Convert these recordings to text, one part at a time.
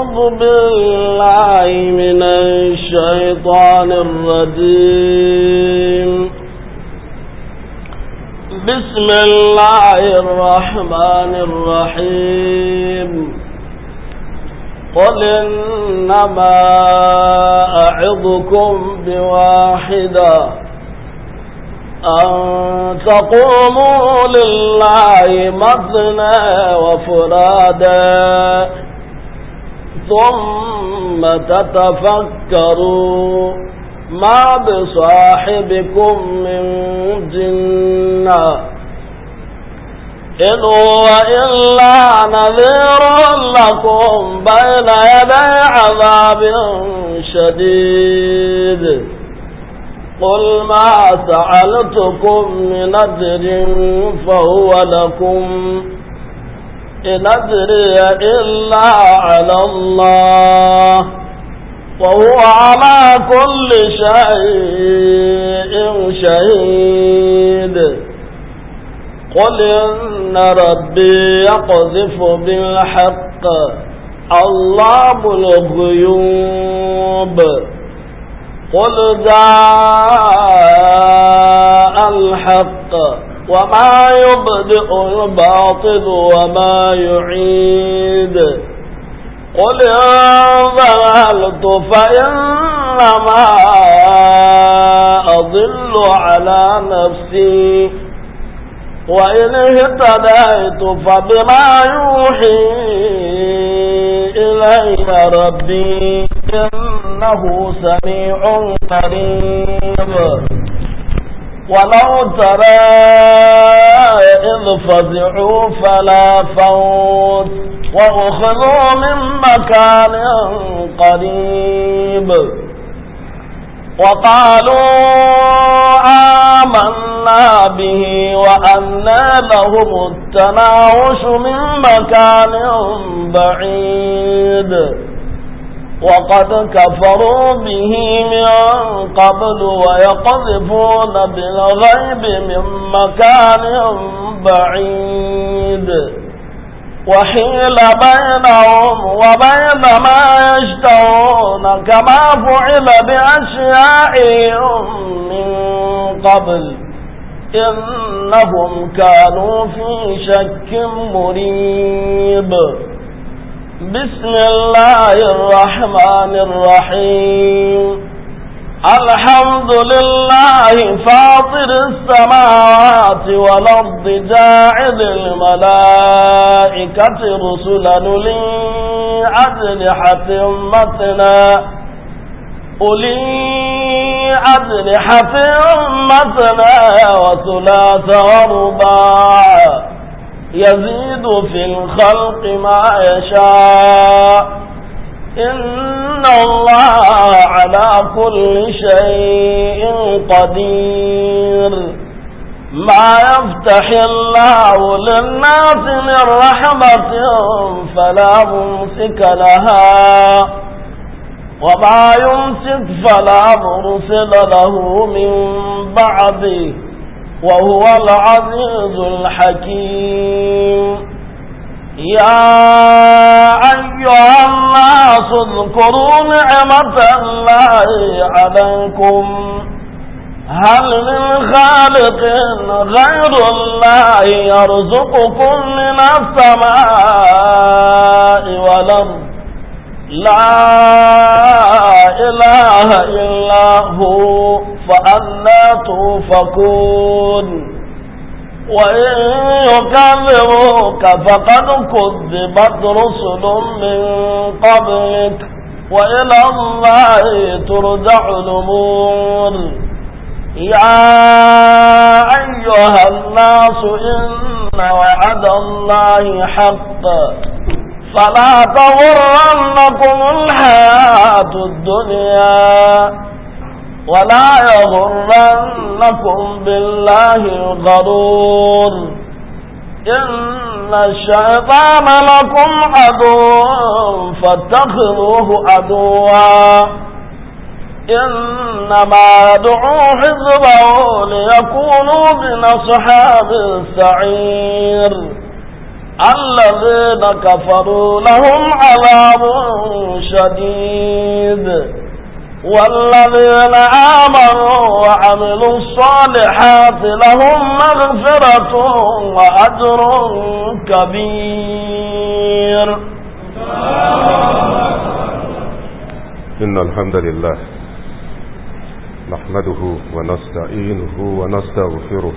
أعوذ بالله من الشيطان الرجيم بسم الله الرحمن الرحيم قل إنما أعظكم بواحدة أن تقوموا لله مثنى وفرادا na-leeru tommatatafa karumabụ sọhibikomm dịna inụwa ịlanairolakombaaya d alaishadidi omasaaltukonadri vawalakom إن أدري إلا على الله وهو على كل شيء شهيد قل إن ربي يقذف بالحق الله الغيوب قل جاء الحق وما يبدئ الباطل وما يعيد قل إن ضللت فإنما أضل على نفسي وإن اهتديت فبما يوحي إلي ربي إنه سميع قريب ولو ترى إذ فزعوا فلا فوت وأخذوا من مكان قريب وقالوا آمنا به وأنا لهم التناوش من مكان بعيد وقد كفروا به من قبل ويقذفون بالغيب من مكان بعيد وحيل بينهم وبين ما يشتهون كما فعل بأشيائهم من قبل إنهم كانوا في شك مريب بسم الله الرحمن الرحيم الحمد لله فاطر السماوات والأرض جاعل الملائكة رسلا لي أجنحة أولي أجنحة أمتنا وثلاث ورباع يزيد في الخلق ما يشاء إن الله على كل شيء قدير ما يفتح الله للناس من رحمة فلا ممسك لها وما يمسك فلا مرسل له من بعده وهو العزيز الحكيم يا أيها الناس اذكروا نعمة الله عليكم هل من خالق غير الله يرزقكم من السماء والأرض لا إله إلا هو فأنا توفكون وإن يكذبوك فقد كذبت رسل من قبلك وإلى الله ترجع الأمور يا أيها الناس إن وعد الله حق فلا تغرنكم الحياة الدنيا ولا يغرنكم بالله الغرور إن الشيطان لكم عدو فاتخذوه عدوا إنما يدعو حزبه ليكونوا من أصحاب السعير الذين كفروا لهم عذاب شديد والذين آمنوا وعملوا الصالحات لهم مغفرة وأجر كبير إن الحمد لله نحمده ونستعينه ونستغفره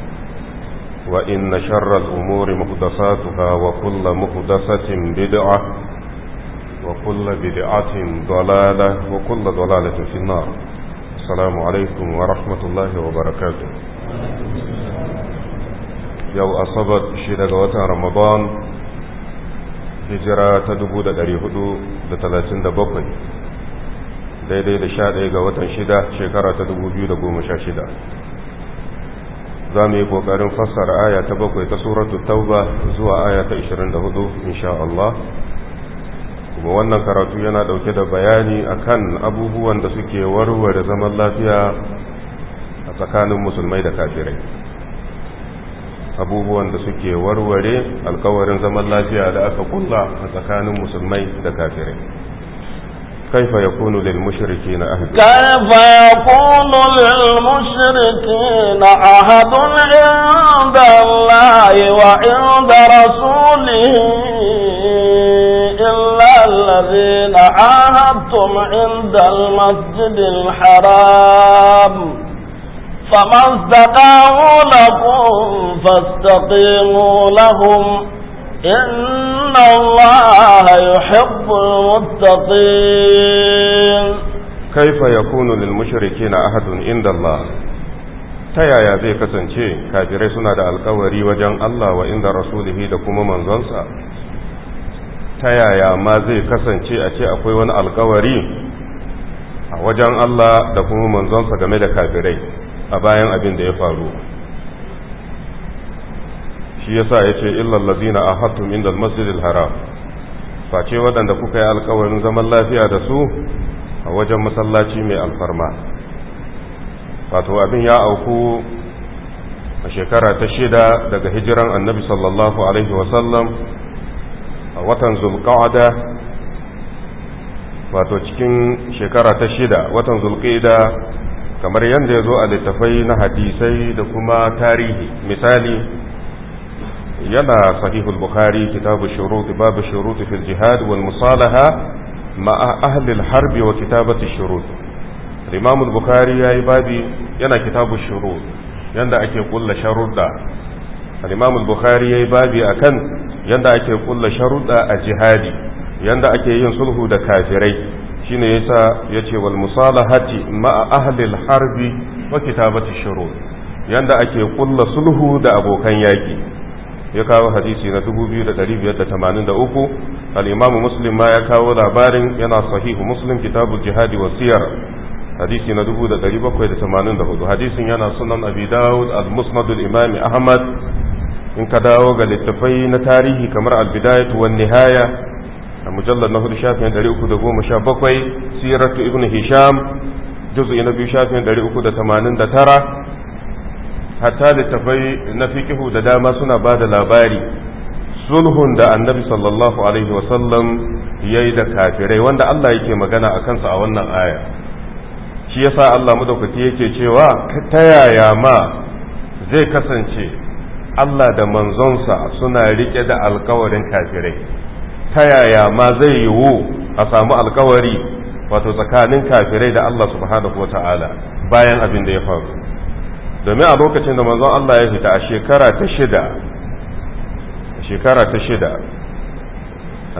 وإن شر الأمور مقدساتها وكل مقدسة بدعة وكل بدعة ضلالة وكل ضلالة في النار السلام عليكم ورحمة الله وبركاته يو أصبت شدة رمضان hijira ta dubu da ɗari hudu da talatin da bakwai daidai da sha ɗaya ga watan shida shekara ta dubu biyu da goma sha shida za mu yi ƙoƙarin fassara aya ta bakwai ta suratu tauba zuwa aya ta 24 insha Allah kuma wannan karatu yana ɗauke da bayani akan abubuwan da suke warware zaman lafiya a tsakanin musulmai da kafirai abubuwan da suke warware alkawarin zaman lafiya da aka kulla a tsakanin musulmai da kafirai كيف يكون للمشركين أهد كيف يكون للمشركين أهد عند الله وعند رسوله إلا الذين عاهدتم عند المسجد الحرام فما استقاموا لكم فاستقيموا لهم إن الله يحب المتقين كيف يكون للمشركين أحد عند الله ta yaya zai kasance kafirai suna da alkawari wajen Allah wa inda rasulihi da kuma manzonsa ta yaya ma zai kasance a ce akwai wani alkawari a wajen Allah da kuma manzonsa game da kafirai a bayan abin da ya faru shi yasa ya ce illal ladina ahattum inda masjidil haram face waɗanda kuka yi alkawarin zaman lafiya da su a wajen masallaci mai alfarma wato abin ya auku a shekara ta shida daga hijiran annabi sallallahu alaihi wasallam a watan zulqa'ada wato cikin shekara ta shida watan zulqa'ida kamar yadda ya zo a littafai na hadisai da kuma tarihi misali yana sahihul bukhari kitabu shurut babu shurut fil jihad wal musalaha ma wa kitabati shurut imam al bukhari yayi babi yana kitabu shurut yanda ake kulla sharuɗa. al imam al bukhari babi akan yanda ake a jihadi yanda ake yin sulhu da kafirai shine yasa yace wal musalahati ma ahli al wa kitabati shurut yanda ake kulla sulhu da abokan yaki ya kawo hadisi na 2583 al-imamu muslim ma ya kawo labarin yana sahihu muslim kitabu jihadi wa siyar hadisi na hudu hadisin yana sunan abi dawud al-musnad al-imam ahmad in ka dawo ga littafai na tarihi kamar al-bidayatu wan nihaya a mujallad na hudu shafin 317 siratu ibn hisham juz'i na biyu shafin 389 hatta littafai na fiƙihu da dama suna ba da labari sulhun da annabi sallallahu alaihi wasallam ya yi da kafirai wanda Allah yake magana a kansa a wannan aya shi yasa Allah madaukaki yake cewa ta yaya ma zai kasance Allah da manzonsa suna riƙe da alkawarin kafirai ta yaya ma zai yiwu a samu alkawari wato tsakanin kafirai da Allah subhanahu wa ta'ala bayan abin da ya faru domin a lokacin da manzon Allah ya fita a shekara ta shida shekara ta shida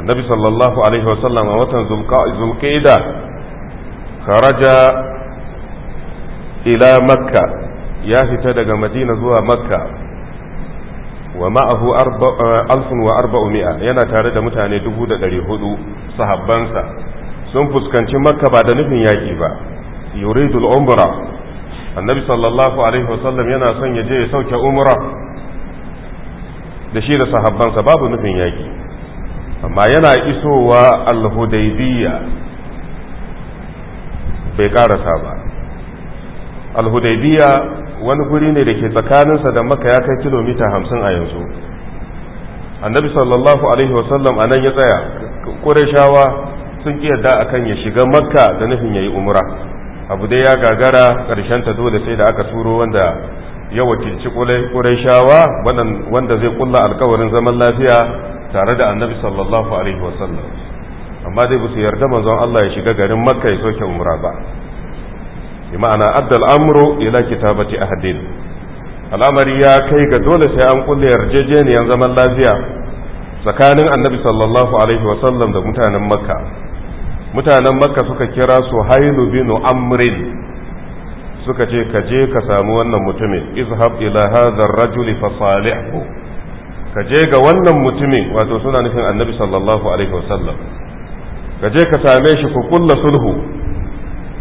annabi sallallahu alaihi wasallam a watan zulqa'ida kharaja ila makka ya fita daga madina zuwa makka wa ma'ahu alfun wa arba'umi'a yana tare da mutane dubu da ɗari hudu sahabbansa sun fuskanci makka ba da nufin yaƙi ba yuridul umra annabi sallallahu alaihi wasallam yana son ya je ya sauke umra da shi da sahabbansa babu nufin yaki amma yana isowa al hudaybiya bai karasa ba al hudaybiya wani guri ne da ke tsakaninsa da maka ya kai kilomita hamsin a yanzu annabi sallallahu alaihi wasallam a nan ya tsaya ƙurashawa sun ƙi yadda akan ya shiga makka da nufin ya yi umra abu dai ya gagara ƙarshen ta dole sai da aka turo wanda ya wakilci ƙuraishawa wanda zai kulla alkawarin zaman lafiya tare da annabi sallallahu alaihi wasallam amma dai basu yarda manzon Allah ya shiga garin makka ya soke umra ba ma'ana addal amru ila kitabati ahdin al'amari ya kai ga dole sai an kulle yarjejeniyar zaman lafiya tsakanin annabi sallallahu alaihi wasallam da mutanen makka mutanen makka suka kira su hailu binu amrin suka ce ka je ka samu wannan mutumin izhab ila hadha rajuli fa ka je ga wannan mutumin wato suna nufin annabi sallallahu alaihi wasallam ka je ka same shi ku kulla sulhu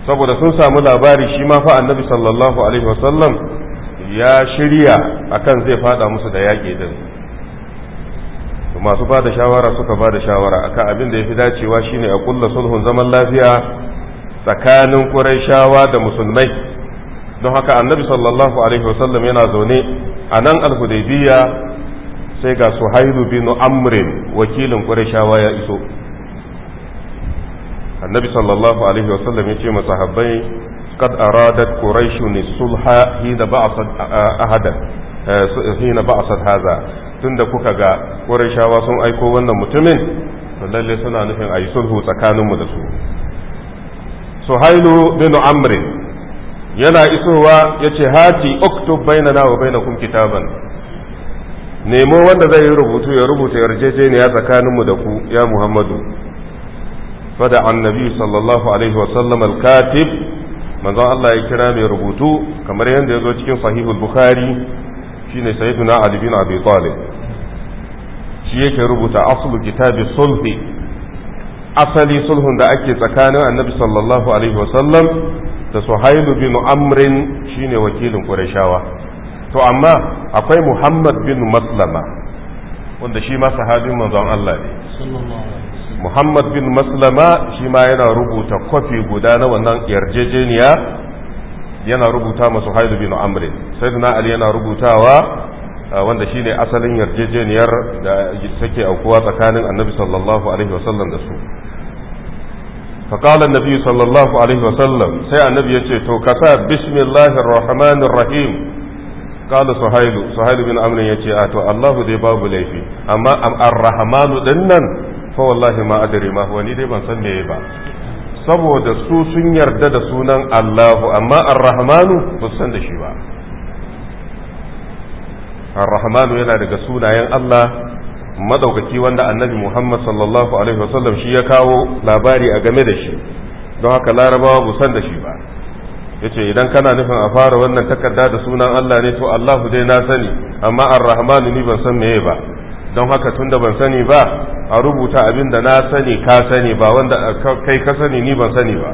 saboda sun samu labari shi ma fa annabi sallallahu alaihi wasallam ya shirya akan zai fada musu da yaƙi din masu ba da shawara suka ba da shawara akan abin da ya fi dacewa shine a kulla sulhun zaman lafiya tsakanin shawa da musulmai don haka annabi sallallahu alaihi wasallam yana zaune a nan alhudaybiya sai ga suhailu bin amrin wakilin shawa ya iso annabi sallallahu alaihi wasallam ya ce masahabbai qad aradat quraishun sulha hida ba'athat ahadan Eh, hina ba'asat haza tunda kuka ga Qurayshawa sun aiko wannan mutumin to lalle suna nufin ayi sulhu tsakaninmu da su Suhailu bin Amr yana isowa yace hati uktub bainana wa bainakum kitaban nemo wanda zai yi rubutu ya rubuta yarjejeniya mu da ku ya Muhammadu fada annabi sallallahu alaihi wa sallam al-katib manzon Allah ya kira mai rubutu kamar yadda ya zo cikin sahihul bukhari ne sayyiduna ali bin abi talib shi yake rubuta aslu kitabi sulhi asali sulhun da ake tsakanin annabi sallallahu alaihi wasallam da suhailu bin amrin ne wakilin ƙurashawa. to amma akwai muhammad bin maslama wanda shi ma sahabin manzon Allah ne muhammad bin maslama shi ma yana rubuta kwafi guda na wannan yarjejeniya yana rubuta masu haidu bin amri sayyidina ali yana rubutawa wanda shine asalin yarjejeniyar da take aukuwa tsakanin annabi sallallahu alaihi wasallam da su فقال النبي صلى الله عليه وسلم سي النبي يتو كسا بسم الله الرحمن الرحيم قال سهيل سهيل بن عمرو يتي الله دي باب ليفي اما الرحمن دنن فوالله ما ادري ما هو ني دي بان سن ba. saboda su sun yarda da sunan Allahu amma ar-rahmanu ba san da shi ba ar-rahmanu yana daga sunayen Allah madaukaki wanda annabi Muhammad sallallahu alaihi wasallam shi ya kawo labari a game da shi don haka larabawa ba san da shi ba yace idan kana nufin a fara wannan takarda da sunan Allah ne to Allahu dai na sani amma ar-rahmanu ni ban san meye ba don haka tun da ban sani ba a rubuta abin da na sani ka sani ba wanda kai ka sani ni ban sani ba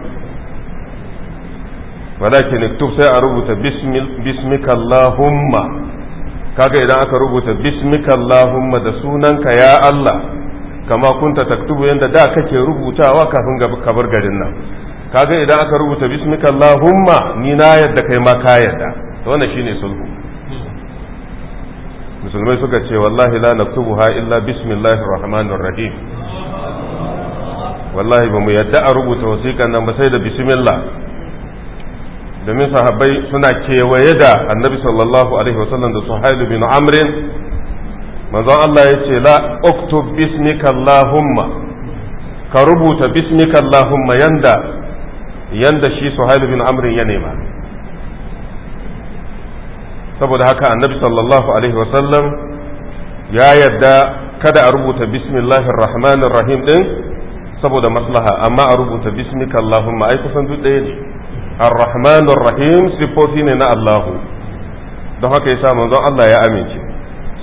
walakin iktub sai a rubuta bismika Allahumma kaga idan aka rubuta bismika Allahumma da sunanka ya Allah kama kunta taktubu yanda da kake rubutawa kafin ka bar garin nan kaga idan aka rubuta bismika Allahumma ni na yadda kai ma ka yadda wannan shine sulhu musulmai suka ce wallahi la ha illa bismillahir rahmanir rahim wallahi ba mu yadda a rubuta wasiƙan nan ba sai da bismillah domin sahabbai suna kewaye da annabi sallallahu alaihi wasallam da suhailu bin amrin manzon Allah ya ce la uktub bismika allahumma ka rubuta bismika allahumma yanda yanda shi suhailu bin amrin ya nema saboda haka annabi sallallahu alaihi wasallam ya yadda kada a rubuta bismillahir rahmanir rahim din saboda maslaha amma a rubuta bismika allahumma ai kusan duk ɗaya ne ar-rahmanir rahim sifofi ne na allahu don haka yasa manzon Allah ya amince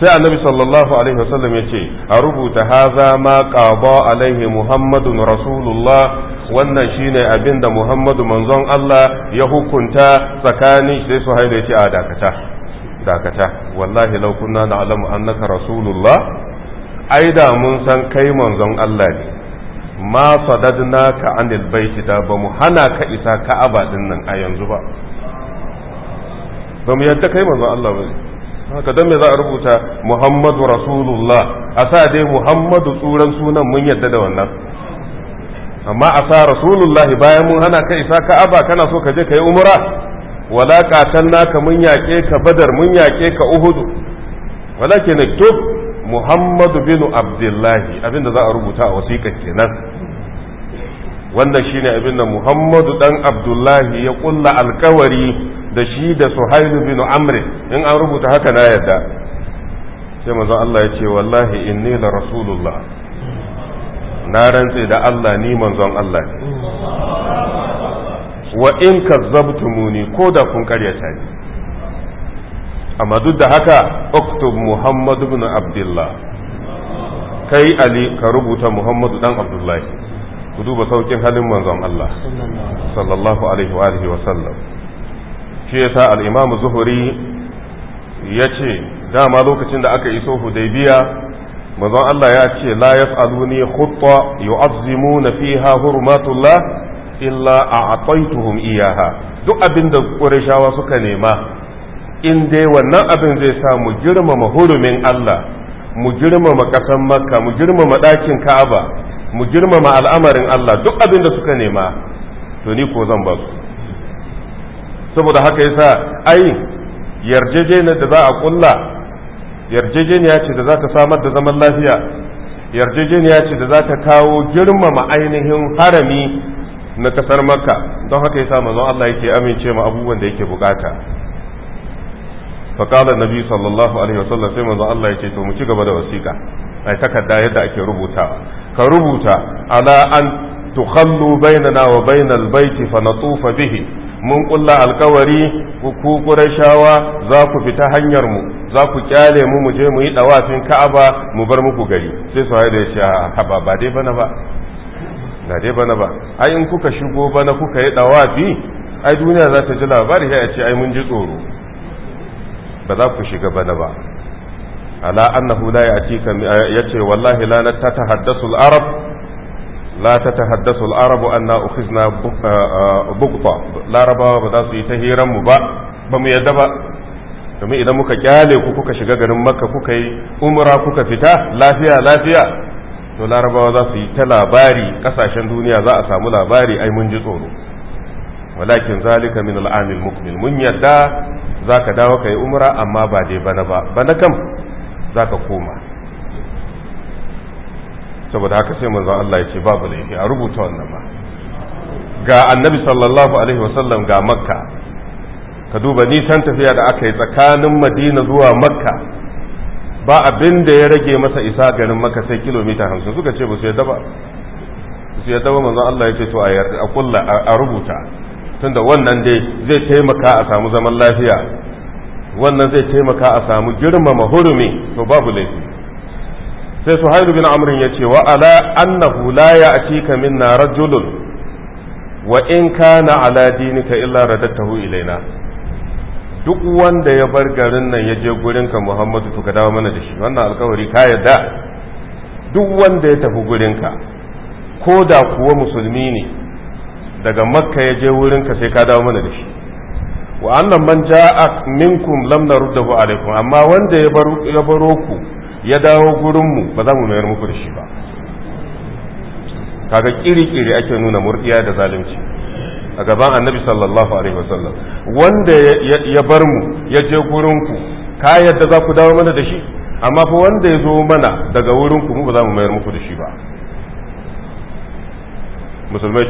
sai annabi sallallahu alaihi wasallam ya ce a rubuta haza ma qaba alaihi muhammadun rasulullah wannan shine abin da muhammadu manzon Allah ya hukunta tsakanin sai su haida ya a dakata dakata wallahi law kunna na'lamu annaka rasulullah ai da mun san kai manzon Allah ne ma sadadnaka anil baiti da ba mu hana ka isa ka'aba din nan a yanzu ba ba mu yadda kai manzon Allah ba haka dan me za a rubuta Muhammadu Rasulullah a sa dai Muhammadu tsuran sunan mun yadda da wannan amma a sa Rasulullah bayan mun hana ka isa ka'aba kana so ka je kai umra wala naka mun yaƙe ka badar mun yaƙe ka uhudu na tub muhammadu bin abdullahi abinda za a rubuta a wasiƙa kenan wannan shine abinda muhammadu dan abdullahi ya ƙulla alkawari da shi da suhailu bin amri in an rubuta haka na yadda sai manzon Allah ya ce wallahi inni la rasulullah na rantse da Allah ni manzon Allah ne wa in kazzabtumuni ko da kun karyata ni amma duk da haka uktub Muhammadu ibn abdullah kai ali ka rubuta muhammadu dan abdullahi ku duba saukin halin manzon Allah sallallahu alaihi wa alihi wa sallam shi yasa al-imam zuhuri yace dama lokacin da aka iso hudaybiya manzon Allah ya ce la yaf'aluni khutta yu'azzimuna fiha hurmatullah illa a'taituhum iyaha duk abin da qurayshawa suka nema in dai wannan abin zai sa mu girmama hurumin Allah mu girmama kasan makka mu girmama ɗakin ka'aba mu girmama al'amarin Allah duk abin da suka nema to ni ko zan ba su saboda haka yasa ai yarjejeniyar da za a kulla yarjejeniya ce da za ta samar da zaman lafiya yarjejeniya ce da za ta kawo girmama ainihin harami na kasar makka don haka ya yasa mazo Allah yake amince ma abubuwan da yake bukata fa qala nabi sallallahu alaihi wasallam sai mazo Allah yake to mu ci gaba da wasiƙa ai takarda yadda ake rubutawa ka rubuta ala an tukhallu bainana wa bainal baiti fa natufa bihi mun kulla alkawari ku Qurayshawa za ku fita hanyar mu za ku kyale mu mu je mu yi dawafin Ka'aba mu bar muku gari sai su da ya ce haba ba dai bana ba ba dai bana ba ai in kuka shigo bana kuka yi bi ai duniya za ta ji labari sai ce ai mun ji tsoro ba za ku shiga bana ba ala annahu la yatika yace wallahi la tatahaddathu al-arab la al-arab anna ukhizna buqta larabawa ba za su yi ta hiran mu ba ba mu yadda ba domin idan muka kyale ku kuka shiga garin makka kuka yi umra kuka fita lafiya lafiya to larabawa za su yi ta labari kasashen duniya za a samu labari ai mun ji tsoro walakin zalika min al'amil mukmil mun yadda za ka dawo ka yi umra amma ba dai bana ba bana kam za ka koma saboda haka sai manzon Allah ya ce babu laifi a rubuta wannan ba ga annabi sallallahu alaihi wasallam ga makka ka duba nisan tafiya da aka yi tsakanin madina zuwa makka ba abin da ya rage masa isa garin maka sai kilomita hamsin suka ce ba su yadda ba su yadda ba manzon Allah ya ce to a kulla a rubuta tunda wannan dai zai taimaka a samu zaman lafiya wannan zai taimaka a samu girmama hurumi to babu laifi sai su haidu bin amrin ya ce wa ala annahu la ya'tika minna rajulun wa in kana ala dinika illa ilai ilaina duk wanda ya bar garin nan ya je gurin ka Muhammadu to ka dawo mana da shi wannan alkawari ka yarda duk wanda ya tafi gurin ka, ko da kuwa musulmi ne daga makka ya je wurin ka sai ka dawo mana da shi wa annan man ja'a minkum lam naruddahu alaikum amma wanda ya baro ku ya dawo gurin mu ba za mu mayar muku da shi ba kaga kiri-kiri ake nuna murdiya da zalunci a gaban annabi sallallahu alaihi wasallam wanda ya bar mu ya je gurinku ka yadda za ku dawo mana da shi amma fa wanda ya zo mana daga wurinku mu ba za mu mayar muku da shi ba musulmai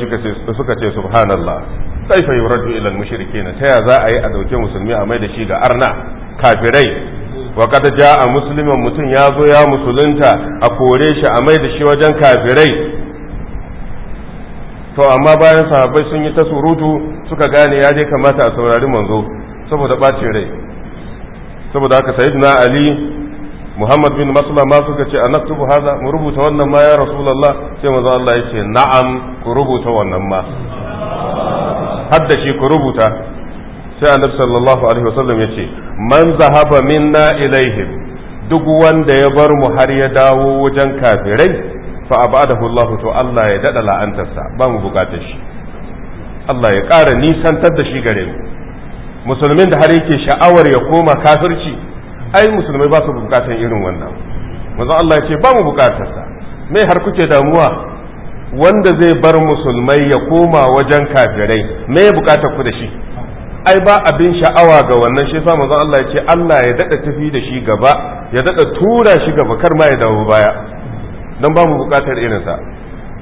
suka ce subhanallah kaifa yuraddu ila al-mushrikeena ta ya za a yi a dauke musulmi a mai da shi ga arna kafirai wa kada ja'a musliman mutum ya zo ya musulunta a kore shi a mai da shi wajen kafirai to amma bayan sahabbai sun yi ta surutu suka gane ya je kamata a saurari manzo saboda bacin rai saboda haka sayyidina ali muhammad bin maslama ma suka ce anaktubu haza mu rubuta wannan ma ya rasulullah sai manzo Allah ya ce na'am ku rubuta wannan ma hadda shi ku rubuta sai annabi sallallahu alaihi wasallam ya ce man zahaba minna ilaihim duk wanda ya bar mu har ya dawo wajen kafirai fa abadahu Allah to Allah ya dada la'antarsa ba mu bukatar shi Allah ya ƙara nisantar da shi gare mu musulmin da har yake sha'awar ya koma kafirci ai musulmai ba su bukatar irin wannan manzo Allah ya ce ba mu sa me har kuke damuwa wanda zai bar musulmai ya koma wajen kafirai me bukatar ku da shi ai ba abin sha'awa ga wannan shi yasa manzo Allah ya ce Allah ya dada tafi da shi gaba ya dada tura shi gaba kar ma ya dawo baya don ba mu bukatar irinsa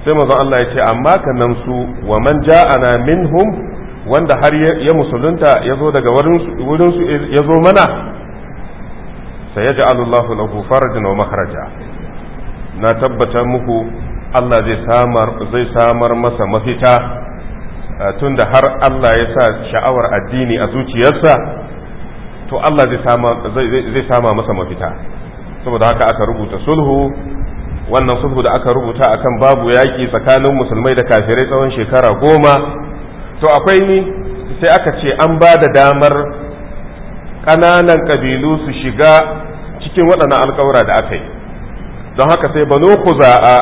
sai manzon Allah ya ce amma kanansu su wa man min minhum wanda har ya musulunta ya zo daga wurin su ya zo mana sai ya Allahu lahu wa makhraja na tabbatar muku Allah zai samar masa mafita tunda har Allah ya sa sha'awar addini a zuciyarsa to Allah zai sama masa mafita saboda haka aka rubuta sulhu wannan sulhu da aka rubuta akan babu yaƙi tsakanin musulmai da kafirai tsawon shekara goma to akwai ni sai aka ce an ba da damar ƙananan ƙabilu su shiga cikin waɗannan alkawura da aka yi don haka sai banu kuza'a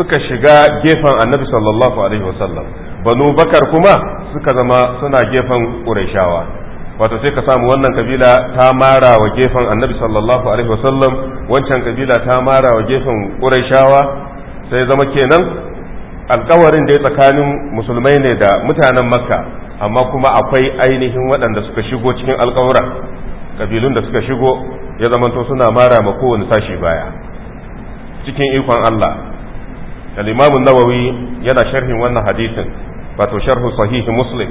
suka shiga gefen annabi sallallahu alaihi wasallam banu bakar kuma suka zama suna gefen ƙuraishawa wato sai ka samu wannan kabila ta mara wa gefen annabi sallallahu alaihi wasallam wancan kabila ta mara wa gefen ƙurashawa sai zama kenan alkawarin da ya tsakanin musulmai ne da mutanen makka amma kuma akwai ainihin waɗanda suka shigo cikin alkawura kabilun da suka shigo ya zamanto suna mara ma kowane sashi baya cikin ikon Allah al-imamun nawawi yana sharhin wannan hadisin wato sharhu sahihi muslim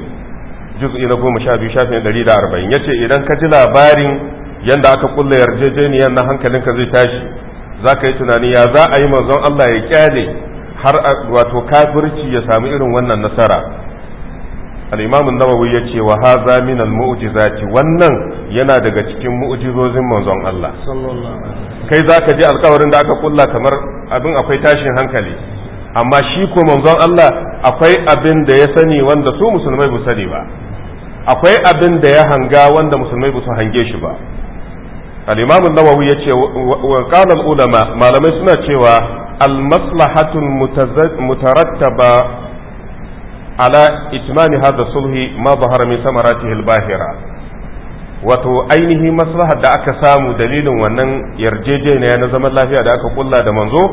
juz'i na goma sha biyu shafin ɗari da arba'in yace idan ka ji labarin yanda aka kulla yarjejeniyar na hankalinka zai tashi za ka yi tunani ya za a yi manzon Allah ya kyale har wato kafirci ya sami irin wannan nasara Alimamin imam ya nawawi yace wa hadha min al-mu'jizati wannan yana daga cikin mu'jizozin manzon Allah kai za ka ji alƙawarin da aka kulla kamar abin akwai tashin hankali amma shi ko manzon Allah akwai abin da ya sani wanda su musulmai ba su sani ba akwai abin da ya hanga wanda musulmai ba su hange shi ba al النووي an-nawawi yace wa ulama malamai suna cewa هذا الصلح mutarattaba ala itmani ثمراته sulhi ma zahara wato ainihi maslahar da aka samu dalilin wannan yarjejeniya na zaman lafiya da aka kulla da manzo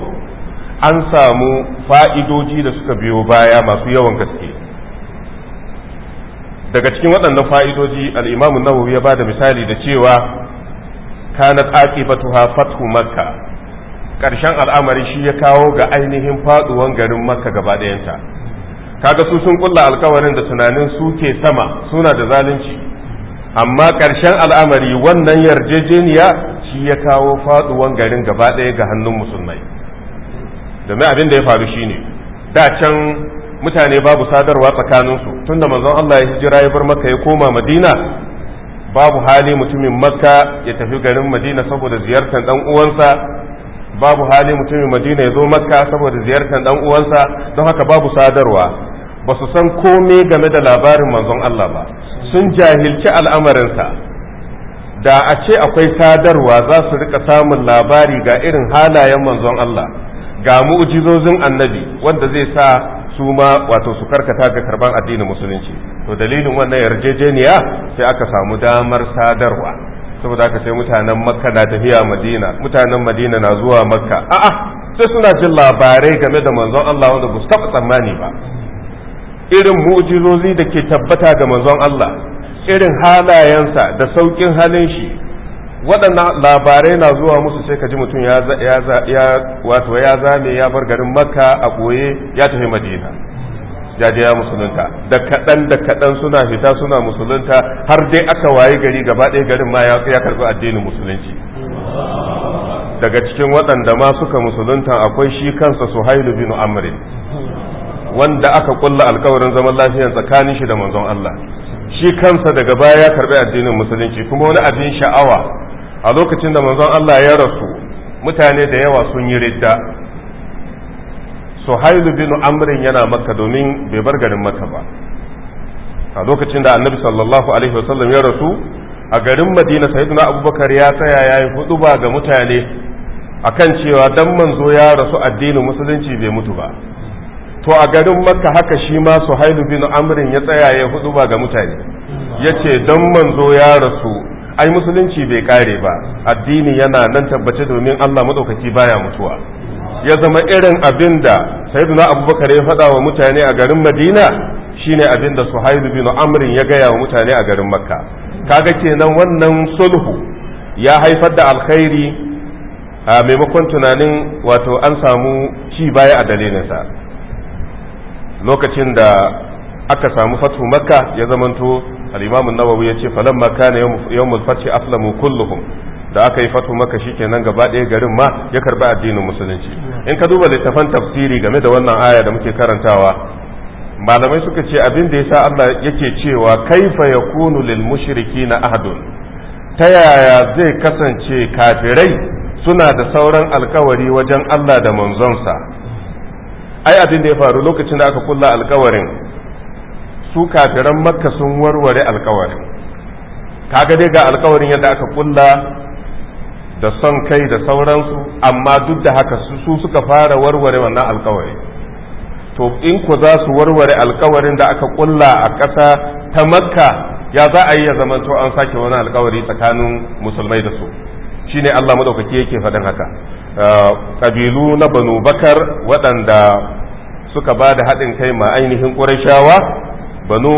an samu fa'idoji da suka biyo baya masu yawan gaske daga cikin waɗannan fa'idoji al'imamu nawawi ya ba da misali da cewa kanat aqibatuha fathu makka karshen al'amari shi ya kawo ga ainihin faduwan garin makka gaba ɗayanta kaga su sun kulla alkawarin da tunanin su ke sama suna da zalunci amma karshen al'amari wannan yarjejeniya shi ya kawo faduwan garin gaba ɗaya ga hannun musulmai domin abin da ya faru shine da can mutane babu sadarwa tsakaninsu tunda manzon Allah ya hijira ya bar maka ya koma Madina babu hali mutumin makka ya tafi garin madina saboda ziyartar dan uwansa babu hali mutumin madina ya zo makka saboda ziyartar dan uwansa don haka babu sadarwa ba su san komai game da labarin manzon Allah ba sun jahilci al'amarinsa da a ce akwai sadarwa za su rika samun labari ga irin halayen manzon Allah ga mu'jizozin annabi wanda zai sa su ma wato su karkata ga karban addinin musulunci to dalilin wannan yarjejeniya sai aka samu damar sadarwa saboda aka sai mutanen makka na tafiya madina mutanen madina na zuwa makka a'a sai suna jin labarai game da manzon Allah wanda ba su taɓa tsammani ba irin mu'jizozi da ke tabbata ga manzon Allah irin halayensa da saukin halin shi waɗannan labarai na zuwa musu sai ka ji mutum ya wato ya zame ya bar garin makka a ɓoye ya tafi madina jaje ya musulunta da kaɗan da kaɗan suna fita suna musulunta har dai aka waye gari gaba ɗaya garin ma ya karɓi addinin musulunci daga cikin waɗanda ma suka musulunta akwai shi kansa su haihu bin amrin wanda aka kulla alkawarin zaman lafiyan tsakanin shi da manzon Allah shi kansa daga baya ya karɓi addinin musulunci kuma wani abin sha'awa a lokacin da manzon Allah ya rasu mutane da yawa sun yi ridda suhailu bin amrin yana makka domin bai bar garin makka ba a lokacin da annabi sallallahu alaihi wasallam ya rasu a garin madina sayyidina abubakar ya tsaya ya yi ba ga mutane akan cewa dan manzo ya rasu addinin musulunci bai mutu ba to a garin makka haka shi ma suhailu bin amrin ya tsaya ya ba ga mutane yace dan manzo ya rasu ai musulunci bai kare ba addini yana nan tabbace domin Allah madaukaki baya mutuwa ya zama irin abin da sayyiduna abubakar ya faɗa wa mutane a garin madina shine abin da suhailu bin amrin ya gaya wa mutane a garin makka kaga kenan wannan sulhu ya haifar da alkhairi a maimakon tunanin wato an samu ci baya a dalilinsa lokacin da aka samu fatu makka ya zamanto al-imam an-nawawi yace falamma kana yawmul fath aslamu kulluhum da aka yi fatu maka shikenan gaba ɗaya garin ma ya karɓi addinin musulunci in ka duba littafan tafsiri game da wannan aya da muke karantawa malamai suka ce abin da yasa Allah yake cewa kaifa yakunu lil na ahadun ta yaya zai kasance kafirai suna da sauran alkawari wajen Allah da manzonsa ai abin da ya faru lokacin da aka kulla alkawarin su kafiran makka sun warware alkawarin kaga dai ga alkawarin yadda aka kulla da son kai da sauransu amma duk da haka su suka fara warware wannan alkawari to in ku za su warware alkawarin da aka kulla a ƙasa ta makka ya za a yi ya zamanto an sake wani alkawari tsakanin musulmai da su shine Allah madaukaki yake faɗin haka uh, ƙabilu na banu bakar waɗanda suka ba da haɗin kai ma ainihin ƙurashawa banu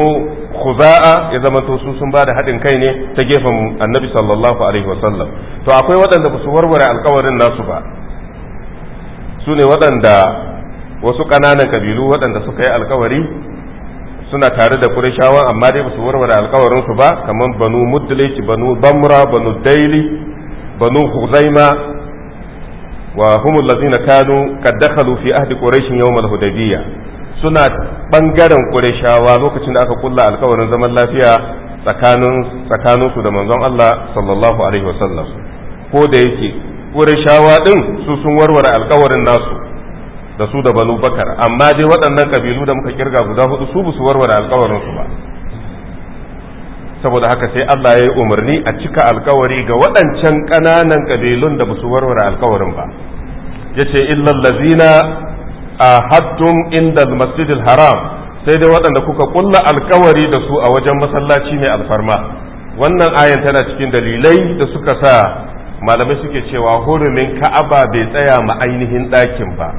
khuza'a ya to su sun bada haɗin kai ne ta gefen annabi sallallahu alaihi wasallam to akwai waɗanda ba su warware alkawarin nasu ba su ne waɗanda wasu ƙananan kabilu waɗanda suka yi alkawari suna tare da kurishawa amma dai ba su warware alkawarinsu ba kamar banu mudlaki banu bamra banu daili banu huzaima وهم الذين كانوا قد fi ahdi quraish yawm al-hudaybiyah suna ɓangaren ƙureshawa lokacin da aka kulla alkawarin zaman lafiya tsakaninsu da manzon Allah sallallahu alaihi wasallam ko da yake ƙureshawa ɗin su sun warware alkawarin nasu da su da banu bakar amma dai waɗannan ƙabilu da muka kirga guda hudu su su warware su ba saboda haka sai Allah ya yi umarni a cika alkawari ga waɗancan ƙananan ƙabilun da ba warware alkawarin ba yace illal lazina A haddun inda masjidil haram sai dai waɗanda kuka kulla alkawari da su a wajen masallaci mai alfarma wannan ayan tana cikin dalilai da suka sa malamai suke cewa hurumin ka'aba bai tsaya ma ainihin ɗakin ba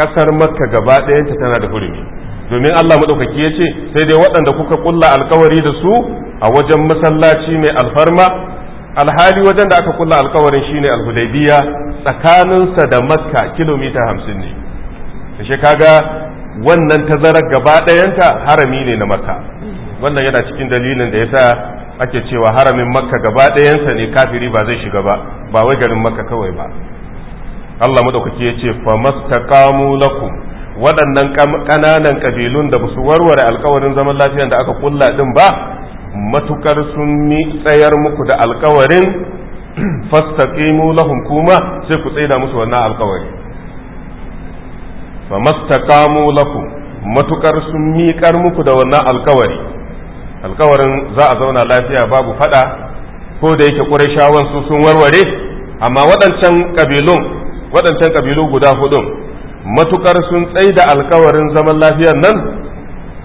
ƙasar makka gaba ɗayanta tana da hurumi domin allah maɗaukaki ya ce sai dai waɗanda kuka kulla alkawari da su a wajen masallaci mai alfarma alhali wajen da aka kulla alkawarin shine alhudaibiya tsakaninsa da makka kilomita hamsin ne kashe kaga wannan tazarar gaba ɗayanta harami ne na maka wannan yana cikin dalilin da ya sa ake cewa haramin maka gaba ɗayanta ne kafiri ba zai shiga ba ba wai garin maka kawai ba Allah madaukaki ya ce fa mastaqamu lakum waɗannan ƙananan ƙabilun da su warware alkawarin zaman lafiyar da aka kulla ɗin ba matukar sun mi tsayar muku da alkawarin fastaqimu lahum kuma sai ku tsaida musu wannan alkawari fa mastaqamu lakum matukar sun miƙar muku da wannan alkawari alkawarin za a zauna lafiya babu fada ko da yake ƙurashawan su sun warware amma waɗancan ƙabilun waɗancan ƙabilu guda hudun matukar sun tsaida alkawarin zaman lafiyar nan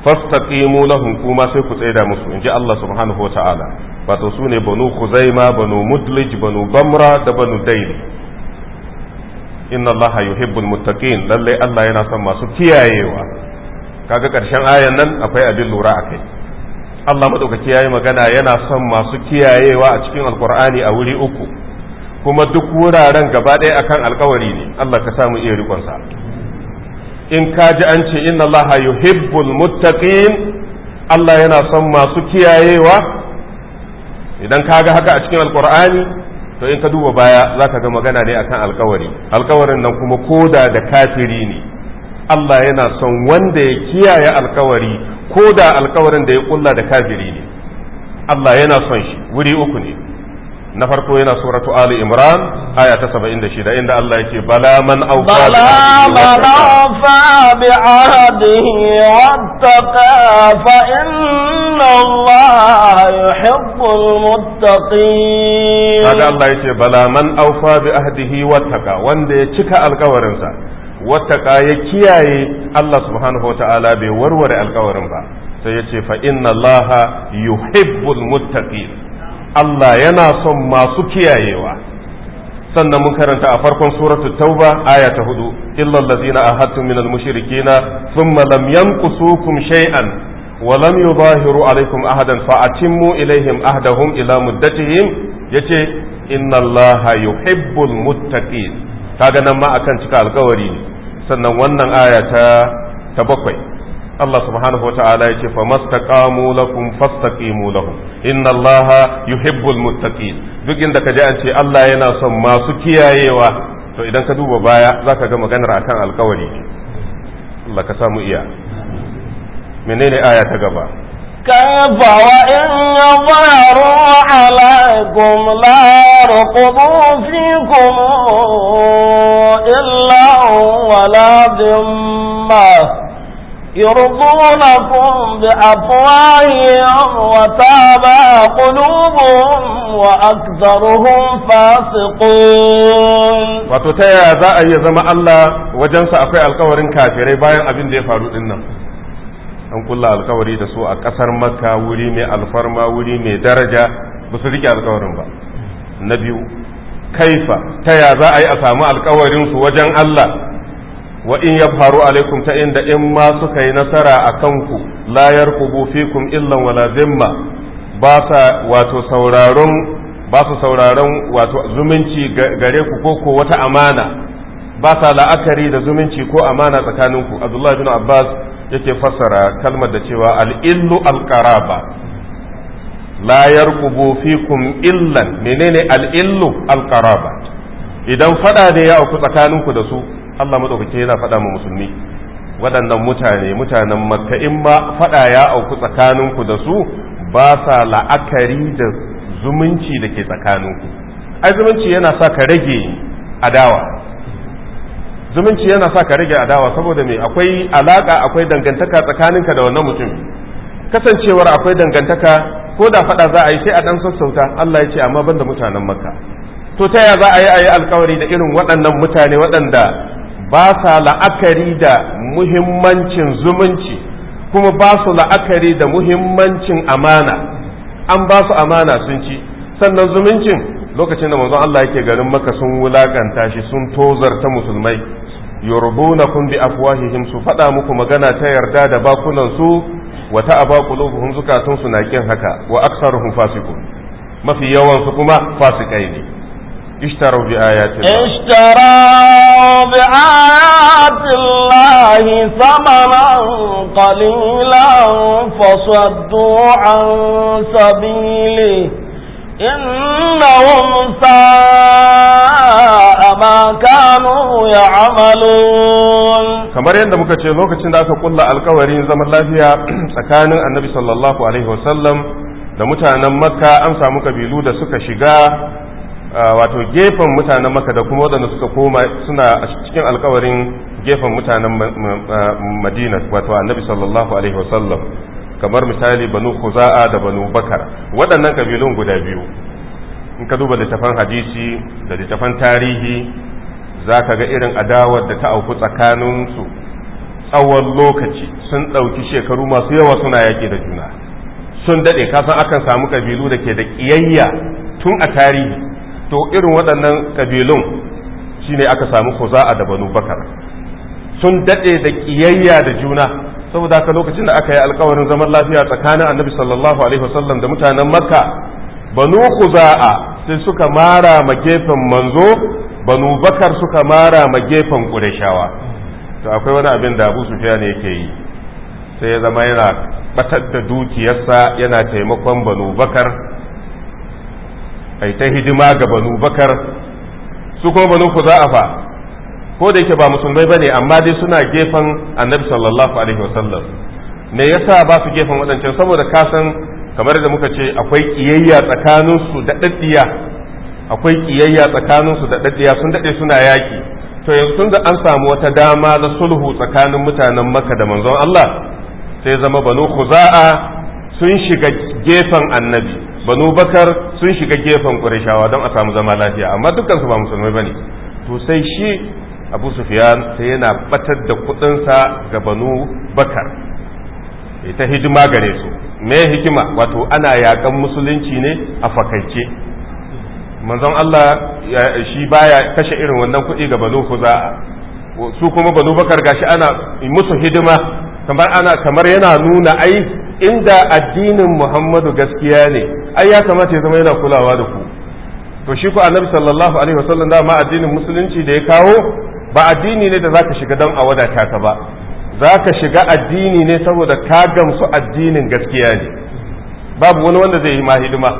fastaqimu lahum kuma sai ku tsaida musu inji Allah subhanahu wa ta'ala wato su ne banu khuzaima banu mudlij banu bamra da banu daili inna allaha yuhibbul muttaqin lalle Allah yana son masu kiyayewa kaga karshen ayan nan akwai abin lura a kai. Allah madaukaki yayi magana yana son masu kiyayewa a cikin alqur'ani a wuri uku kuma duk wuraren gaba ɗaya akan alkawari ne Allah ka samu iya rikon sa in ka ji an ce inna Allah yuhibbul muttaqin Allah yana son masu kiyayewa idan ka ga haka a cikin alkur'ani to in ka duba baya za ka ga magana ne akan alkawari alkawarin nan kuma ko da da kafiri ne Allah yana son wanda ya kiyaye alkawari da alkawarin da ya kulla da kafiri ne Allah yana son shi wuri uku ne na farko yana suratu Ali Imran aya ta 76 inda Allah yake bala man awfa bala man awfa bi ahdihi wattaqa fa inna Allah yuhibbul muttaqin kaga Allah yake bala man awfa bi ahdihi wattaqa wanda ya cika sa, wattaqa ya kiyaye Allah subhanahu wataala bai warware alkawarin ba sai yace fa inna Allah yuhibbul muttaqin Allah yana son masu kiyayewa sannan mun karanta a farkon suratul tauba aya ta hudu illal ladina ahadtum minal mushrikina thumma lam yanqusukum shay'an wa lam yudahiru alaikum ahadan fa atimmu ilaihim ahdahum ila muddatihim yace innallaha yuhibbul muttaqin kaga nan ma akan cika alkawari sannan wannan aya ta ta bakwai Allah subhanahu wa ta'ala ya ce fa mastaqamu lakum fastaqimu lahum inna Allaha yuhibbul muttaqin duk inda ka ji an ce Allah yana son masu kiyayewa to idan ka duba baya zaka ga maganar akan alkawari Allah ka samu iya menene aya ta gaba كيف وإن يظهروا عليكم لا يرقبوا فيكم إلا ولا ذمة يرضونكم بأفواههم وتابى قلوبهم وأكثرهم فاسقون وتتيا ذا أي زما الله وجنس أخي kafirai كافرين abin أبين دي فارو إنم an kulla alkawari da su a ƙasar makka wuri mai alfarma wuri mai daraja ba su rike alkawarin ba na biyu kaifa ta ya za a yi a samu alkawarinsu wajen allah wa in yabharu alaikum ta inda in ma suka yi nasara a kanku la yarqubu fikum illan wala zimma ba sa wato sauraron ba su sauraron wato zumunci gare ku ko ko wata amana ba sa la'akari da zumunci ko amana tsakaninku abdullahi bin abbas yake fassara kalmar da cewa al'illu alqaraba la yarqubu fikum illan menene al'illu alqaraba idan fada ne ya auku tsakaninku da su Allah madaukake yana faɗa ma musulmi waɗannan mutane mutanen makka in ba faɗa ya auku tsakaninku da su ba sa la'akari da zumunci da ke tsakaninku ai zumunci yana sa ka rage adawa zumunci yana sa ka rage adawa saboda me akwai alaka akwai dangantaka tsakaninka da wannan mutum kasancewar akwai dangantaka ko da faɗa za a yi sai a ɗan sassauta Allah ya ce amma banda mutanen makka to ta ya za a yi a yi alkawari da irin waɗannan mutane waɗanda ba sa la'akari da muhimmancin zumunci kuma ba su la'akari da muhimmancin amana an ba su amana sun ci sannan zumuncin lokacin da manzon Allah yake garin maka sun wulakanta shi sun tozarta musulmai yurbunakum bi afwahihim su faɗa muku magana ta yarda da bakunan su wa ta'aba qulubuhum zukatun su na kin haka wa hun fasiqun mafi yawan su kuma fasikai ne اشتروا بآيات الله اشتروا بآيات الله ثمنا قليلا فصدوا عن سبيله إنهم ساء ما كانوا يعملون kamar yadda muka ce lokacin da aka kulla alkawarin zaman lafiya tsakanin annabi sallallahu alaihi wasallam da mutanen makka an samu kabilu da suka shiga wato gefen mutanen maka da kuma waɗanda suka koma suna a cikin alkawarin gefen mutanen madina wato annabi sallallahu alaihi wasallam kamar misali banu khuza'a da banu bakar waɗannan kabilun guda biyu in ka duba littafan hadisi da littafan tarihi za ka ga irin adawar da ta auku tsakaninsu tsawon lokaci sun ɗauki shekaru masu yawa suna yaƙi da juna sun daɗe kasan akan samu kabilu da ke da ƙiyayya tun a tarihi to irin waɗannan ƙabilun shine aka samu kuza'a da banu bakar sun daɗe da ƙiyayya da juna saboda haka lokacin da aka yi alkawarin zaman lafiya tsakanin annabi sallallahu alaihi wasallam da mutanen makka banu kuza'a sai suka mara ma gefen manzo banu bakar suka mara ma gefen ƙureshawa to akwai wani abin da abu sufiya ne yake yi sai ya zama yana batar da dukiyarsa yana taimakon banu bakar ai ta hidima ga banu bakar su kuma banu ku fa ko da yake ba musulmai bane amma dai suna gefen annabi sallallahu alaihi wasallam me yasa ba su gefen waɗancan saboda kasan kamar da muka ce akwai kiyayya tsakaninsu da daddiya akwai kiyayya tsakaninsu da daddiya sun dade suna yaki to yanzu tunda an samu wata dama da sulhu tsakanin mutanen Makka da manzon Allah sai zama banu Khuza'a sun shiga gefen Annabi banu bakar sun shiga gefen ƙurashawa don a samu zama lafiya amma dukansu ba musulmai ba ne to sai shi abu sufiyan sai yana batar da kudinsa ga banu bakar ita hidima gare su me hikima wato ana yakan musulunci ne a fakaice manzon Allah shi baya kashe irin wannan kuɗi ga banu kuza'a su kuma banu bakar gashi ana musu hidima kamar ana kamar yana nuna ai inda addinin Muhammadu gaskiya ne ai ya kamata ya zama yana kulawa da ku to shi ku annabi sallallahu alaihi wasallam dama addinin musulunci da ya kawo ba addini ne da zaka shiga dan a wadata ka ba zaka shiga addini ne saboda ka gamsu addinin gaskiya ne babu wani wanda zai yi ma hidima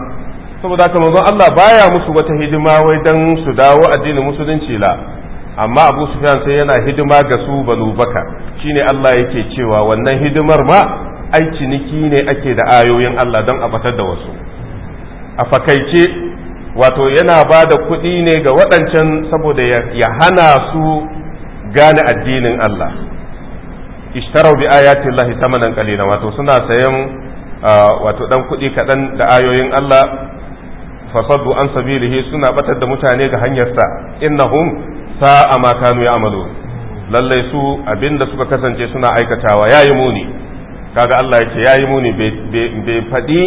saboda haka manzon Allah baya musu wata hidima wai dan su dawo addinin musulunci la amma Abu Sufyan sai yana hidima ga su Banu Bakar shine Allah yake cewa wannan hidimar ma ai ciniki ne ake da ayoyin Allah dan a batar da wasu a fakaice wato yana ba da kuɗi ne ga waɗancan saboda ya hana su gane addinin Allah ishtarau bi ayatin lahi tamanan kalila wato suna sayan wato dan kuɗi kaɗan da ayoyin Allah fasadu an sabilihi suna batar da mutane ga hanyarsa innahum sa'a ma kanu ya'malu lallai su abinda suka kasance suna aikatawa yayi muni kaga Allah ya ce yayi muni bai faɗi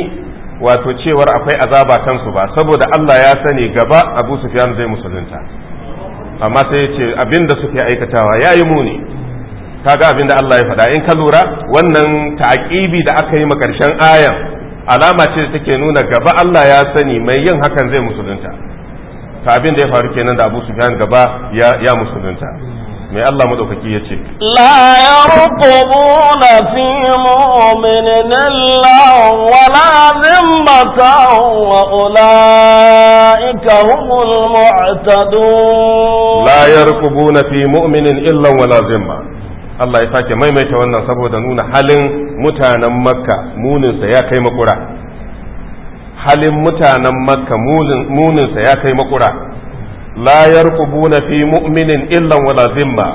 wato cewar akwai azaba kansu ba saboda Allah ya sani gaba Abu Sufyan zai musulunta amma sai ya ce abinda suke aikatawa ya yi muni kaga abinda Allah ya faɗa in ka lura wannan ta'aqibi da aka yi makarshen ayan alama ce da take nuna gaba Allah ya sani mai yin hakan zai musulunta ta abinda ya faru kenan da Abu Sufyan gaba ya musulunta mai Allah madaukaki ya ce la ya yarqubuna fi mu'minin illa wala zimmata wa ulaika humul mu'tadu la ya yarqubuna fi mu'minin illa wala zimma Allah ya sake maimaita wannan saboda nuna halin mutanen Makka muninsa ya kai makura halin mutanen Makka muninsa ya kai makura la yarqubuna fi mu'minin illan wala zimma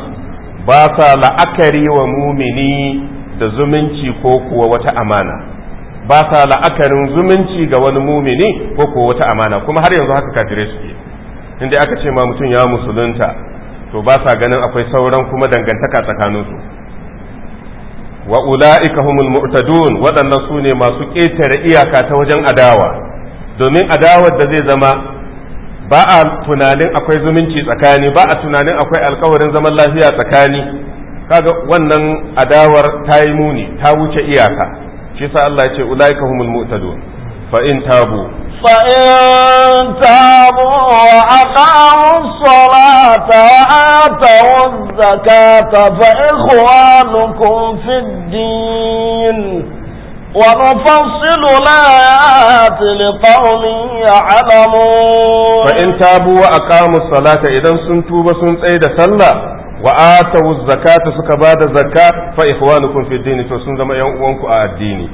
ba sa la'akari wa mumini da zumunci ko kuwa wata amana ba sa la'akarin zumunci ga wani mumini ko kuwa wata amana kuma har yanzu haka kafirai In dai aka ce ma mutum ya musulunta to ba sa ganin akwai sauran kuma dangantaka tsakaninsu wa ula'ika mu'tadun waɗannan su ne masu ƙetare iyaka ta wajen adawa domin adawar da zai zama ba a tunanin akwai zumunci tsakani ba a tunanin akwai alkawarin zaman lafiya tsakani kaga wannan adawar ta yi muni ta wuce iyaka shi sa Allah ya ce ulaika humul fa in tabu fa in tabu aqamu ssalata wa atu zakata fa ikhwanukum fid din ونفصل الآيات لقوم يعلمون فإن تابوا وأقاموا الصلاة إذا سنتوا وسنتأيد صلى وآتوا الزكاة سكباد زكاة فإخوانكم في الدين فسنزم ينقوانكم الدين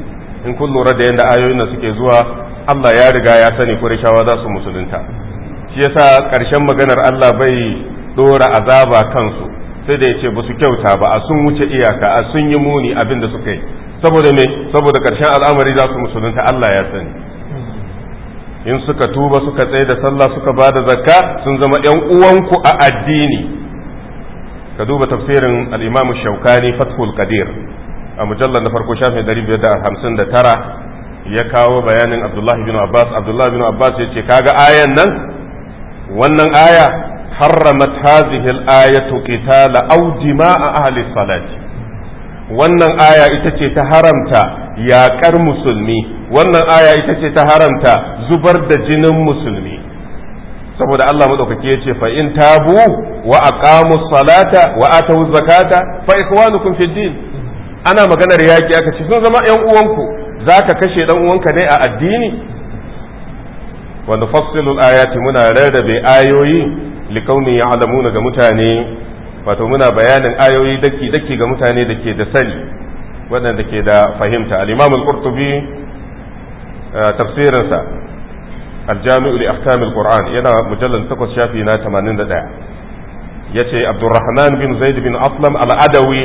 in kun lura da yadda ayoyin da suke zuwa Allah ya riga ya sani Qurayshawa za su musulunta shi yasa ƙarshen maganar Allah bai dora azaba kansu sai da yace ba su kyauta ba a sun wuce iyaka a sun yi muni abin da suka yi saboda me saboda ƙarshen al'amari za su musulunta Allah ya sani in suka tuba suka tsaye da sallah suka ba da zakka sun zama ‘yan uwanku a addini ka duba tafsirin al'imam shaukani fathul qadir a mujallar na farko shafin 559 ya kawo bayanin abdullahi bin abbas abdullahi bin abbas ya ce kaga ayan nan wannan aya harramat hazihi al-ayatu qitala aw a ahli salati wannan aya ita ce ta haramta yaƙar musulmi wannan aya ita ce ta haramta zubar da jinin musulmi saboda Allah madaukaki yace fa in tabu wa aqamu salata wa atu zakata fa ikhwanukum fid din ana maganar yaƙi aka ce sun zama ƴan uwanku zaka kashe dan uwanka ne a addini wa nufassilu al-ayati muna rarrabe ayoyi likaunin ya'lamuna ga mutane wato muna bayanin ayoyi daki daki ga mutane da ke da sani waɗanda ke da fahimta al-imam al-qurtubi uh, tafsirinsa al-jami'u li ahkam al-qur'an yana mujallal 8 shafi na 81 yace abdurrahman bin zaid bin aslam al-adawi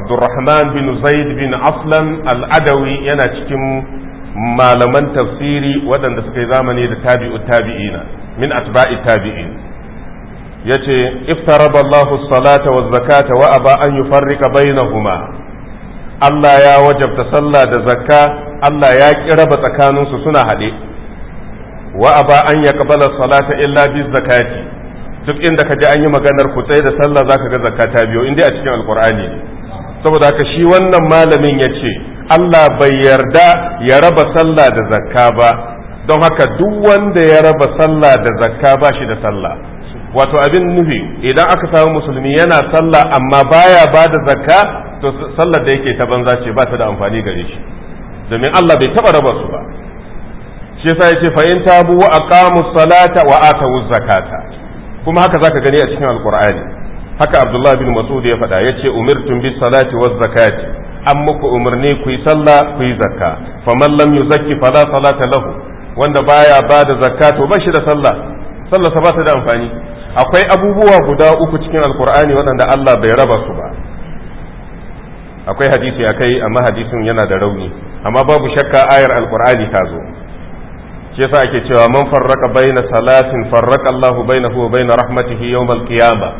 abdurrahman bin zaid bin aslam al-adawi yana cikin malaman tafsiri waɗanda suka yi zamani da tabi'u tabi'ina min atba'i tabi'in yace iftaraba Allahu salata wa zakata wa aba an yufarrika bainahuma Allah ya wajabta sallah da zakka Allah ya kiraba tsakanin su suna haɗe. wa aba an yaqbala salata illa bi zakati duk inda je an yi maganar ku tsaye da sallah zaka ga ta biyo inda a cikin alqur'ani saboda haka shi wannan malamin yace Allah bai yarda ya raba sallah da zakka ba don haka duk wanda ya raba sallah da zakka ba shi da sallah wato abin nufi idan aka samu musulmi yana sallah amma baya ba da zakka to sallar da yake ta banza ce ba ta da amfani gare shi domin Allah bai taba raba su ba shi yasa yace fa in tabu wa aqamu salata wa atu zakata kuma haka zaka gani a cikin alqur'ani haka Abdullah bin Mas'ud ya faɗa yace umirtum bis salati waz zakati an muku umarni ku yi sallah ku yi zakka faman lam yuzakki fala salata lahu wanda baya ba da zakka to ba shi da sallah sallah ba ta da amfani akwai abubuwa guda uku cikin alkur'ani waɗanda Allah bai raba su ba akwai hadisi a kai amma hadisin yana da rauni amma babu shakka ayar alkur'ani ta zo shi yasa ake cewa man farraka baina salatin farraka Allahu bainahu wa baina rahmatihi yawmal qiyamah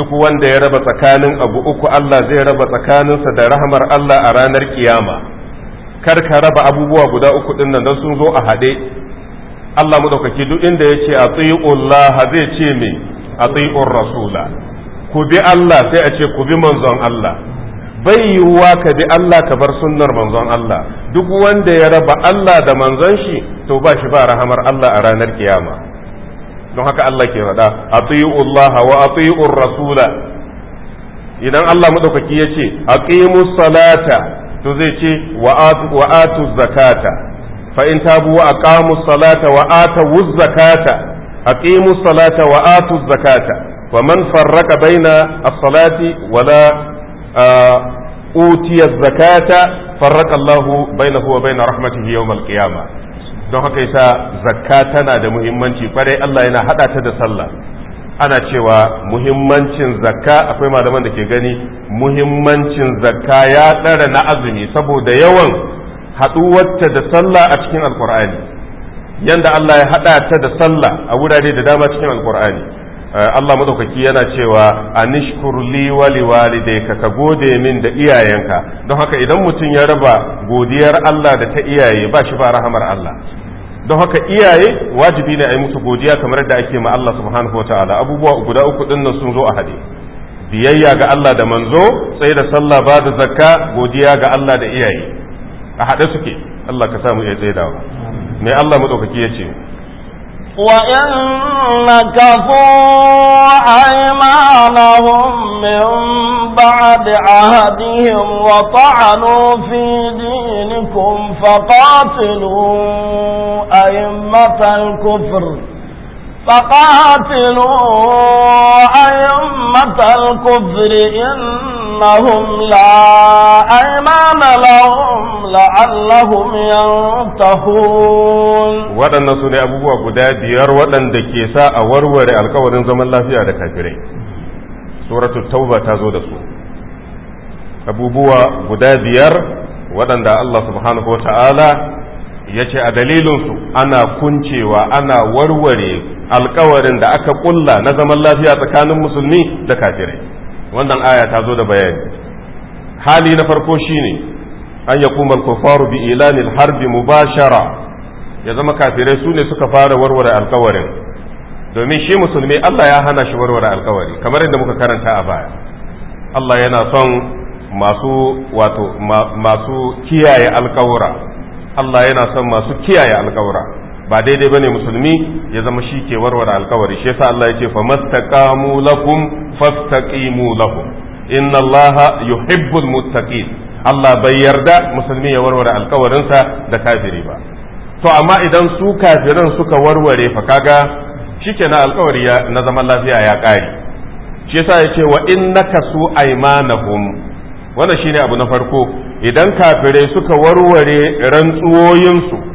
duk wanda ya raba tsakanin abu uku Allah zai raba tsakaninsa da rahmar Allah a ranar kiyama kar ka raba abubuwa guda uku din nan don sun zo a haɗe Allah madaukaki duk inda ya ce Allah zai ce me ati'ur rasula ku bi Allah sai a ce ku bi manzon Allah bai yiwuwa ka bi Allah ka bar sunnar manzon Allah duk wanda ya raba Allah da manzon shi to ba shi ba rahamar Allah a ranar kiyama don haka Allah ke faɗa Allah wa ati'ur rasula idan Allah madaukaki ya ce aqimus salata to zai ce wa atu zakata fa in tabu wa aqamu salata wa atu zakata aqimu salata wa zakata wa man farraka baina as-salati wala utiya zakata farraka Allah bainahu wa bain rahmatihi yawm al-qiyamah don haka yasa zakka tana da muhimmanci kwarai Allah yana hada ta da sallah ana cewa muhimmancin zakka akwai malaman da ke gani muhimmancin zakka ya ɗara na azumi saboda yawan haɗuwarta da sallah a cikin alkur'ani yanda Allah ya haɗa ta da sallah a wurare da dama cikin alkur'ani eh, Allah madaukaki yana cewa anishkur li wali liwalidayka ka gode min da iyayenka don haka idan mutum ya raba godiyar Allah da ta iyaye ba shi ba rahamar Allah don haka iyaye wajibi ne a yi musu godiya kamar da ake ma Allah subhanahu wa abubuwa guda uku din nan sun zo a hade biyayya ga Allah da manzo sai da sallah ba da zakka godiya ga Allah da iyaye a haɗe suke Allah ka samu ya tsaye dawa me Allah madaukaki ya ce وإن نكثوا أيمانهم من بعد عهدهم وطعنوا في دينكم فقاتلوا أئمة الكفر فقاتلوا أئمة الكفر إن أنهم لا أيمان لهم لعلهم ينتهون ودن سنة أبوه قدا بيار ودن دكيسا أورور القول زمن الله في هذا كافرين سورة التوبة تزود سورة abubuwa guda biyar waɗanda Allah subhanahu wa ta'ala ya ce a dalilinsu ana kuncewa ana warware alkawarin da aka kulla na zaman lafiya tsakanin musulmi da kafirai wannan aya ta zo da bayani hali na farko shine an ya kuma kufaru bi ilanil harbi mubashara ya zama kafirai su ne suka fara warware alkawarin domin shi musulmi Allah ya hana shi warware alkawari kamar yadda muka karanta a baya Allah yana son masu wato masu kiyaye alkawura Allah yana son masu kiyaye alkawura ba daidai bane musulmi ya zama shi ke warware alkawari shi yasa Allah yace famastaqamu lakum fastaqimu lahum inna Allaha yuhibbul muttaqin Allah bai yarda musulmi ya warware alkawarinsa da kafiri ba to amma idan su kafiran suka warware fa kaga shikenan alkawari ya na zaman lafiya ya kare shi yasa yace wa innaka su aymanahum wannan shine abu na farko idan kafirai suka warware rantsuwoyinsu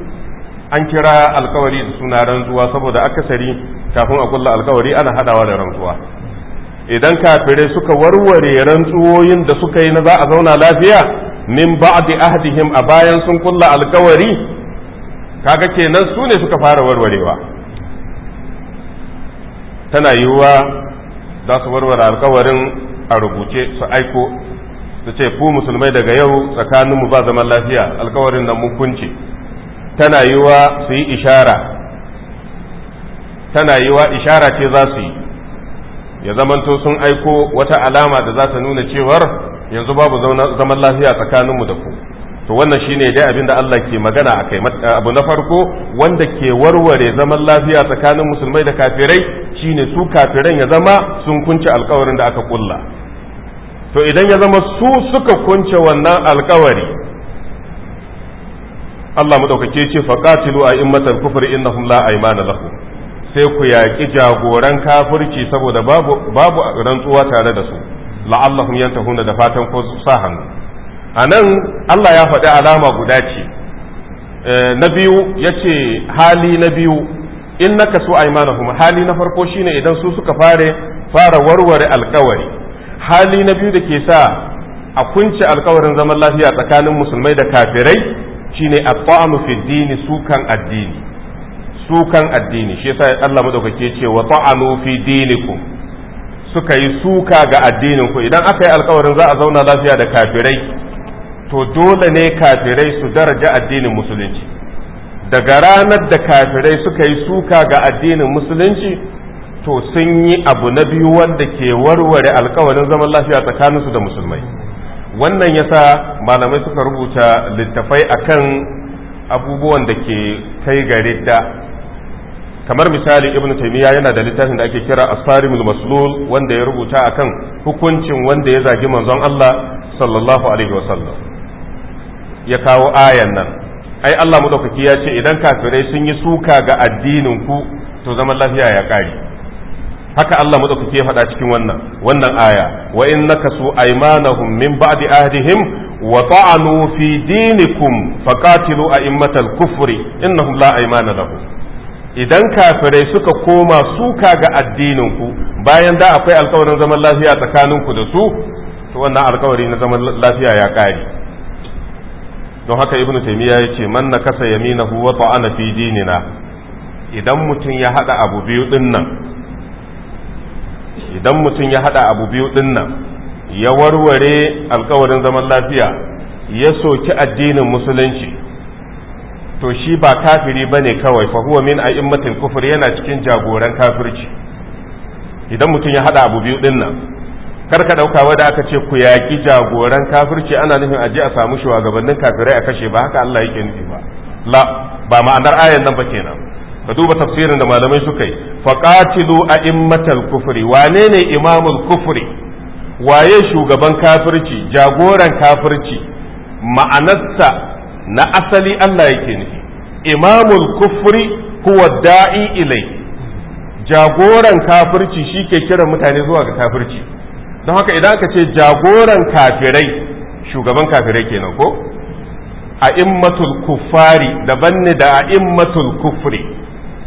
an kira alkawari da suna rantsuwa saboda akasari kafin a kulla alkawari ana hadawa da rantsuwa idan kafirai suka warware rantsuwoyin da suka yi na za a zauna lafiya min ba'di ahdihim a bayan sun kulla alkawari kaga kenan su ne suka fara warwarewa tana yiwuwa za su warware alkawarin a rubuce su aiko su ce ku musulmai daga yau tsakaninmu ba zaman lafiya alkawarin nan mun kunce tana yiwa su yi ishara tana yiwa ishara ce za su yi ya zamanto sun aiko wata alama da za ta nuna cewar yanzu babu zaman lafiya tsakaninmu da ku to wannan shine dai abin da Allah ke magana a kai abu na farko wanda ke warware zaman lafiya tsakanin musulmai da kafirai shine su kafiran ya zama sun kunce alkawarin da aka kulla to idan ya zama su suka kunce wannan alkawari Allah madaukake ce faqatilu a immatal kufr innahum la aymana lahum sai ku yaƙi jagoran kafirci saboda babu babu rantsuwa tare da su la'allahum yantahuna da fatan ko su sa hannu anan Allah ya faɗi alama guda ce eh, na biyu yace hali na biyu in naka su aymanahum hali na farko shine idan su suka fare fara warware alƙawari hali na biyu da ke sa a kunce alkawarin zaman lafiya tsakanin musulmai da kafirai shine at-ta'amu fi dini sukan addini sukan addini shi yasa Allah madaukake ce wa ta'amu fi dinikum suka yi suka ga addinin ku idan aka yi alkawarin za a zauna lafiya da kafirai to dole ne kafirai su daraja addinin musulunci daga ranar da kafirai suka yi suka ga addinin musulunci to sun yi abu na biyu wanda ke warware alkawarin zaman lafiya tsakaninsu da musulmai wannan yasa malamai suka rubuta littafai akan abubuwan da ke kai ga ridda kamar misali ibn taymiya yana da littafin da ake kira asarimul maslul wanda ya rubuta akan hukuncin wanda ya zagi manzon Allah sallallahu alaihi wasallam ya kawo ayan nan ai Allah madaukaki ya ce idan kafirai sun yi suka ga addinin ku to zaman lafiya ya kare haka Allah madaukake faɗa cikin wannan wannan aya wa innaka su aymanahum min ba'di ahdihim wa ta'anu fi dinikum faqatilu a'immatal kufri innahum la aymana lahum idan kafirai suka koma suka ga addinin ku bayan da akwai alkawarin zaman lafiya tsakanin ku da su to wannan alkawari na zaman lafiya ya kare don haka ibnu taymiya yace man nakasa yaminahu wa ta'ana fi dinina idan mutum ya hada abu biyu din nan idan mutum ya haɗa abu biyu din nan ya warware alkawarin zaman lafiya ya soki addinin musulunci to shi ba kafiri bane kawai fa huwa min kufur yana cikin jagoran kafirci idan mutum ya haɗa abu biyu din nan kar ka dauka wanda aka ce ku yaki jagoran kafirci ana nufin aje a samu shugabannin kafirai a kashe ba haka Allah yake nufi ba la ba ma'anar ayan nan ba kenan ka duba tafsirin da malamai suka yi faqatilu a'immatal kufri wane ne imamul kufri waye shugaban kafirci jagoran kafirci ma'anarsa na asali Allah yake nufi imamul kufri huwa da'i ilai jagoran kafirci shi ke kiran mutane zuwa ga kafirci don haka idan aka ce jagoran kafirai shugaban kafirai kenan ko a'immatul kufari daban ne da a'immatul kufri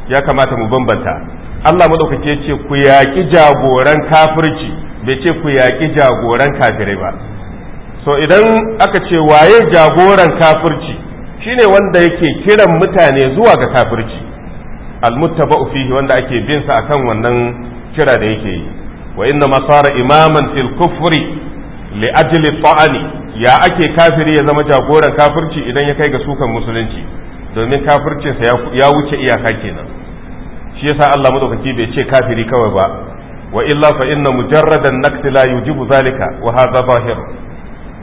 ya kamata mu bambanta Allah madaukake ya ce ku yaƙi jagoran kafirci bai ce ku yaƙi jagoran kafirai ba so idan aka ce waye jagoran kafirci shine wanda yake kiran mutane zuwa ga kafirci almuttaba'u fihi wanda ake bin sa akan wannan kira da yake yi wa inna masara imaman fil kufri li ajli ta'ani ya ake kafiri ya zama jagoran kafirci idan ya kai ga sukan musulunci domin kafircinsa ya wuce iyaka kenan shi yasa Allah madaukaki bai ce kafiri kawai ba wa illa fa inna mujarradan naqti la yujibu zalika wa hadha zahir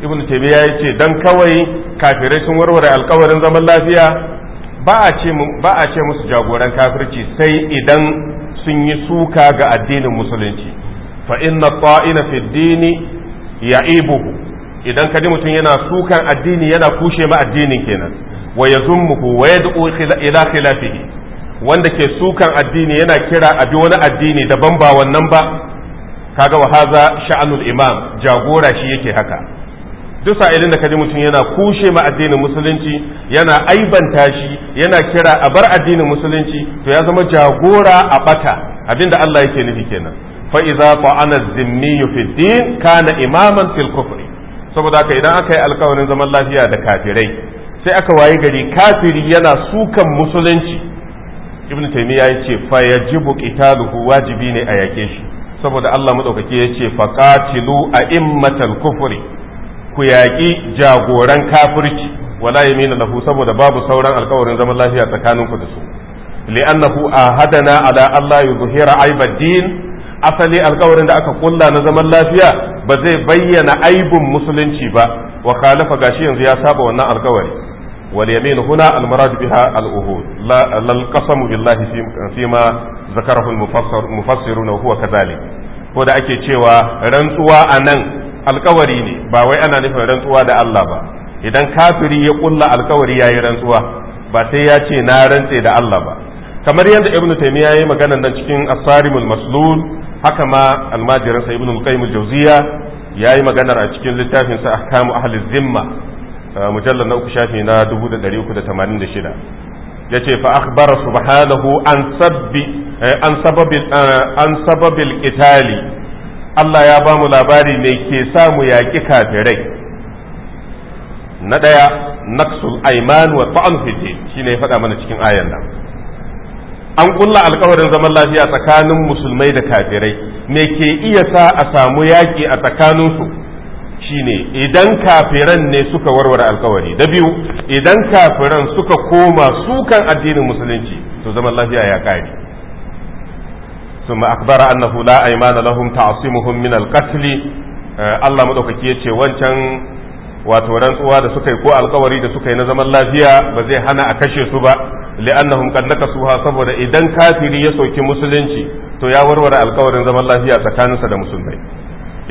ibnu taymiya ce dan kawai kafirai sun warware alkawarin zaman lafiya ba a ce ba a ce musu jagoran kafirci sai idan sun yi suka ga addinin musulunci fa inna ta'ina fi dini ya'ibuhu idan kaji mutum yana sukan addini yana kushe ma addinin kenan wa yazummuhu wa yad'u ila khilafihi wanda ke sukan addini yana kira a bi wani addini daban ba wannan ba kaga wa haza sha'anul imam jagora shi yake haka duk sa'ilin da kaji mutum yana kushe ma addinin musulunci yana aibanta shi yana kira a bar addinin musulunci to ya zama jagora a bata abinda Allah yake nufi kenan fa iza ta'ana zimmi fi din kana imaman fil kufri saboda haka idan aka yi alkawarin zaman lafiya da kafirai sai aka wayi gari kafiri yana sukan musulunci ibn taymiya yace fa yajibu qitaluhu wajibi ne a yake shi saboda Allah ya yace fa qatilu a'immatal kufri ku yaki jagoran kafirci wala yamina lahu saboda babu sauran alƙawarin zaman lafiya tsakanin ku da su li'annahu ahadana ala Allah yuzhira aibad din asali alƙawarin da aka kulla na zaman lafiya ba zai bayyana aibun musulunci ba wa khalafa gashi yanzu ya saba wannan alkawari واليمين هنا المراد بها الأهود لا, لا القسم بالله فيما ذكره المفسر المفسرون وهو كذلك ko da ake cewa rantsuwa a nan alkawari ne ba wai ana nufin rantsuwa da Allah ba idan kafiri ya kulla alkawari ya yi rantsuwa ba sai ya ce na rantse da Allah ba kamar yadda ibnu taymiya yayi magana nan cikin asarimul maslul haka ma almajirin sa ibnu qayyim jawziya yayi maganar a cikin littafin sa ahkamu ahli zimma mujallar na uku shafi na 386 ya ce fa akhbara subhanahu an sabbi an sababil an sababil qitali Allah ya ba mu labari ne ke sa mu yaƙi kafirai na ɗaya naqsul ayman wa ta'an fitin shine ya faɗa mana cikin ayan nan an ƙulla alkawarin zaman lafiya tsakanin musulmai da kafirai me ke iya sa a samu yaƙi a tsakaninsu ne idan kafiran ne suka warware alkawari da biyu idan kafiran suka koma sukan addinin musulunci to zaman lafiya ya kare ثم أخبر أنه لا أيمان لهم تعصمهم muhimmin القتل Allah maɗaukaki ya ce wancan wato rantsuwa da suka yi ko alkawari da suka yi na zaman lafiya ba zai hana a kashe su ba kan naka nakasuha saboda idan kafiri ya sauki musulunci to ya warware alkawarin zaman lafiya tsakaninsa da musulmai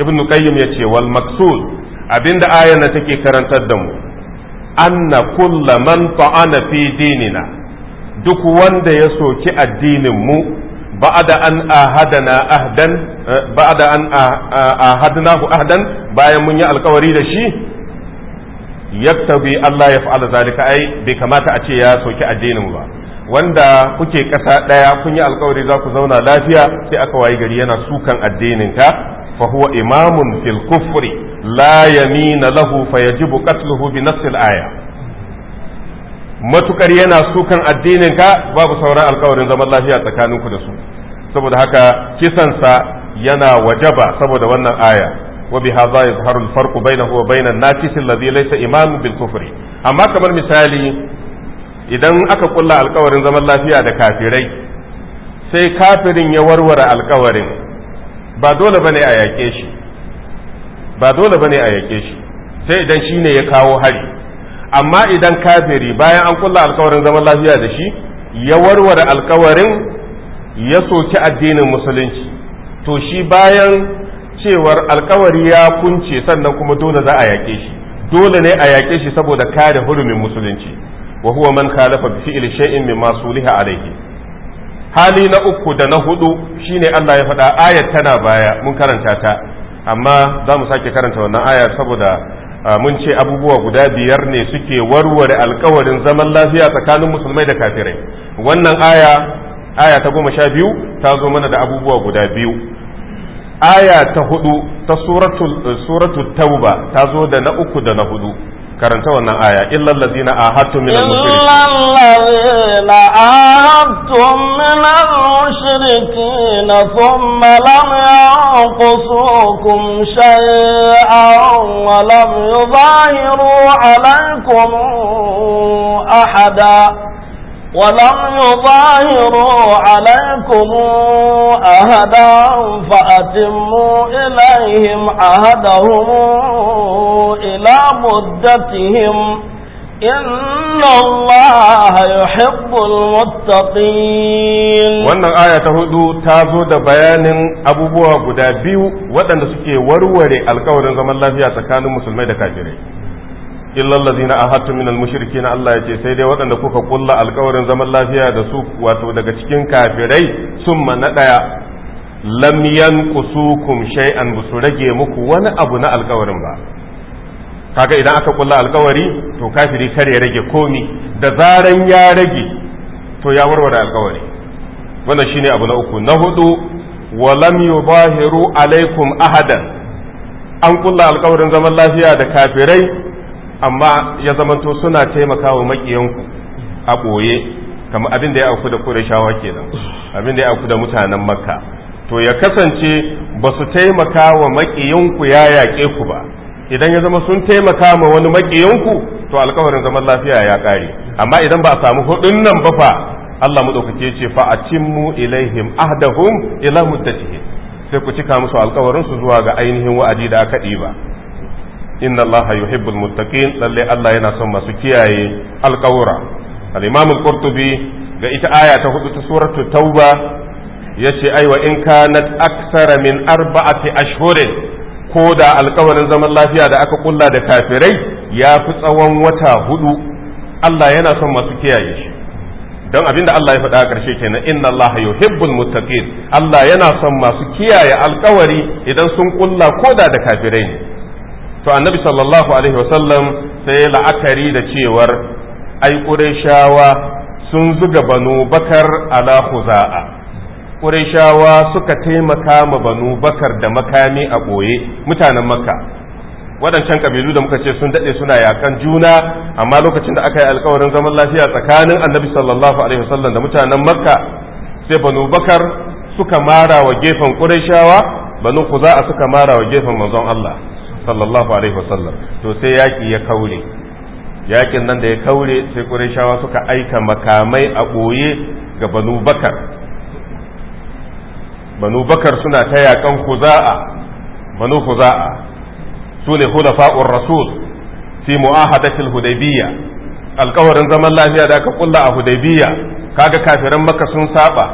ibn qayyim yace wal maqsud abinda ayan da take karantar da mu anna kulla man ta'ana fi dinina duk wanda ya soki addinin mu ba'da an ahadana ahdan eh, ba'da an ahadnahu ahdan bayan mun yi alkawari da shi yaktabi Allah ya fa'ala zalika ai bai kamata a ce ya soki addinin mu ba wanda kuke ƙasa ɗaya kun yi alkawari za ku zauna lafiya sai aka wayi gari yana sukan addininka fa huwa imamun fil kufri la yamina lahu fa yajibu qatluhu aya matukar yana sukan addinin ka babu sauran alkawarin zaman lafiya tsakaninku da su saboda haka kisansa yana wajaba saboda wannan aya wa bi hadha yadhharu al bainahu wa bain an-nafis alladhi laysa imamun bil kufri amma kamar misali idan aka kulla alkawarin zaman lafiya da kafirai sai kafirin ya warware alkawarin ba dole bane a yaƙe shi ba dole bane a yaƙe shi sai idan shi ne ya kawo hari amma idan kafiri bayan an kulla alkawarin zaman lafiya da shi ya warware alkawarin ya soki addinin musulunci to shi bayan cewar alkawari ya kunce sannan kuma dole za a yake shi dole ne a yaƙe shi saboda kare hurumin musulunci wa huwa man khalafa bi fi'li shay'in mimma suliha alayhi hali na uku da na hudu shine Allah ya faɗa ayat tana baya mun karanta ta amma za mu sake karanta wannan aya saboda mun ce abubuwa guda biyar ne suke warware alkawarin zaman lafiya tsakanin musulmai da kafirai wannan aya aya ta goma sha biyu ta zo mana da abubuwa guda biyu aya ta hudu ta suratul tauba ta zo da na uku da na hudu karanta wannan aya illal ladina ahadtum minal mushrikin illal ladina ahadtum minal mushrikin thumma lam yanqusukum shay'an wa lam yuzahiru alaykum ahada ولم يظاهروا عليكم أهدا فأتموا إليهم عهدهم إلى مدتهم إن الله يحب المتقين wannan aya ta hudu ta zo da bayanin abubuwa guda biyu waɗanda suke warware alkawarin zaman lafiya tsakanin musulmai da kafirai illal ladina ahadtu min al mushrikin Allah yace sai dai waɗanda kuka kulla alƙawarin zaman lafiya da su wato daga cikin kafirai summa na daya lam yanqusukum shay'an busu rage muku wani abu na alƙawarin ba kaga idan aka kulla alƙawari to kafiri kare ya rage komi da zaran ya rage to ya warware alƙawari wannan shine abu na uku na hudu wa lam yubahiru alaikum ahadan an kulla alƙawarin zaman lafiya da kafirai amma ya zamanto suna taimakawa makiyanku a ɓoye kamar abin da ya auku da shawa kenan abin da ya auku da mutanen Makka to ya kasance ba su taimaka wa makiyanku ya yaƙe ku ba idan ya zama sun taimaka ma wani makiyanku to alkawarin zaman lafiya ya ƙare amma idan ba a samu hudun nan ba fa Allah mu madaukake ce fa atimmu ilaihim ahdahum ila muddatihim sai ku cika musu alkawarin su zuwa ga ainihin wa'adi da aka ɗiba inna allaha yuhibbul muttaqin lalle Allah yana son masu kiyaye alƙawura al-imam al-qurtubi ga ita aya ta hudu ta suratu tauba yace ai wa in kanat aksara min arba'ati ashhur ko da alƙawarin zaman lafiya da aka kulla da kafirai ya fi tsawon wata hudu Allah yana son masu kiyaye shi don abinda Allah ya faɗa a ƙarshe kenan inna Allah yuhibbul muttaqin Allah yana son masu kiyaye alƙawari idan sun kulla koda da kafirai to annabi sallallahu alaihi wasallam sai la'akari da cewar ai ƙureshawa sun zuga banu bakar ala khuza'a ƙureshawa suka taimaka ma banu bakar da makami a ɓoye mutanen makka waɗancan kabilu da muka ce sun daɗe suna yakan juna amma lokacin da aka yi alkawarin zaman lafiya tsakanin annabi sallallahu alaihi wasallam da mutanen makka sai banu bakar suka mara wa gefen ƙurashawa banu kuza'a suka mara wa gefen manzon allah sallallahu alaihi wasallam to sai yaki ya kaure yakin nan da ya kaure sai qurayshawa suka aika makamai a boye ga banu bakar banu bakar suna ta yakan huza'a banu huza'a su ne hulafa'ur rasul fi mu'ahadatil hudaybiyya alkawarin zaman lafiya da aka kulla a hudaybiyya kaga kafiran makka sun saba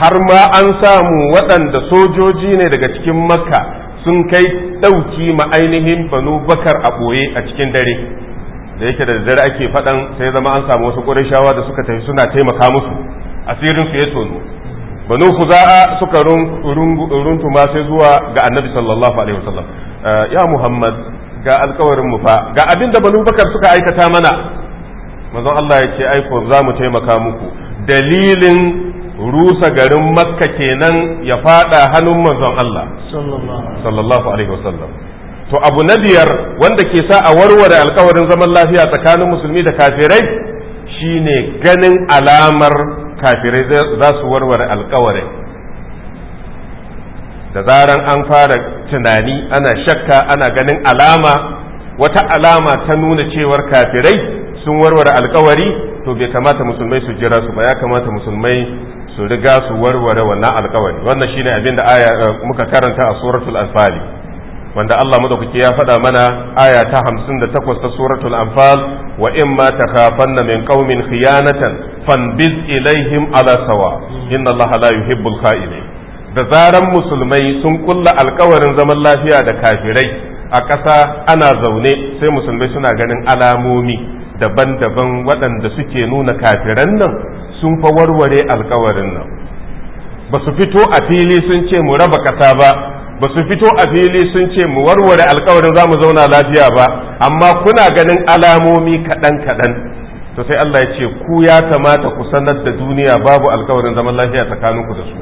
har ma an samu waɗanda sojoji ne daga cikin makka sun kai ɗauki ma ainihin banu bakar a ɓoye a cikin dare da yake da dare ake faɗan sai zama an samu wasu ƙurashawa da suka tafi suna taimaka musu asirin su ya tono banu kuza'a suka runtuma sai zuwa ga annabi sallallahu alaihi wasallam eh, ya muhammad ga alkawarin mu fa ga abin da banu bakar suka aikata mana manzon Allah ya ce aiko za mu taimaka muku dalilin rusa garin makka kenan ya fada hannun manzon Allah sallallahu alaihi wasallam to abu na biyar wanda ke sa a warware alkawarin zaman lafiya tsakanin musulmi da kafirai shine ganin alamar kafirai za su warware alkawarin da zaran an fara tunani ana shakka ana ganin alama wata alama ta nuna cewar kafirai sun warware alkawari to bai kamata musulmai su jira su ba ya kamata musulmai su riga su warware wannan alkawari wannan shine abin da aya eh, muka karanta a suratul anfal wanda Allah madaukaki ya faɗa mana aya ta 58 ta suratul anfal wa in ma takhafanna min qaumin khiyanatan fanbiz ilaihim ala sawa inna Allah la yuhibbul da zaran musulmai sun kulla alkawarin zaman lafiya da kafirai a ƙasa ana zaune sai musulmai suna ganin alamomi daban-daban waɗanda suke nuna kafiran nan sun fa warware alkawarin nan ba su fito a fili sun ce mu raba ƙasa ba ba su fito a fili sun ce mu warware alkawarin za mu zauna lafiya ba amma kuna ganin alamomi kaɗan-kaɗan to sai Allah ya ce ku ya kamata ku sanar da duniya babu alkawarin zaman lafiya tsakaninku da su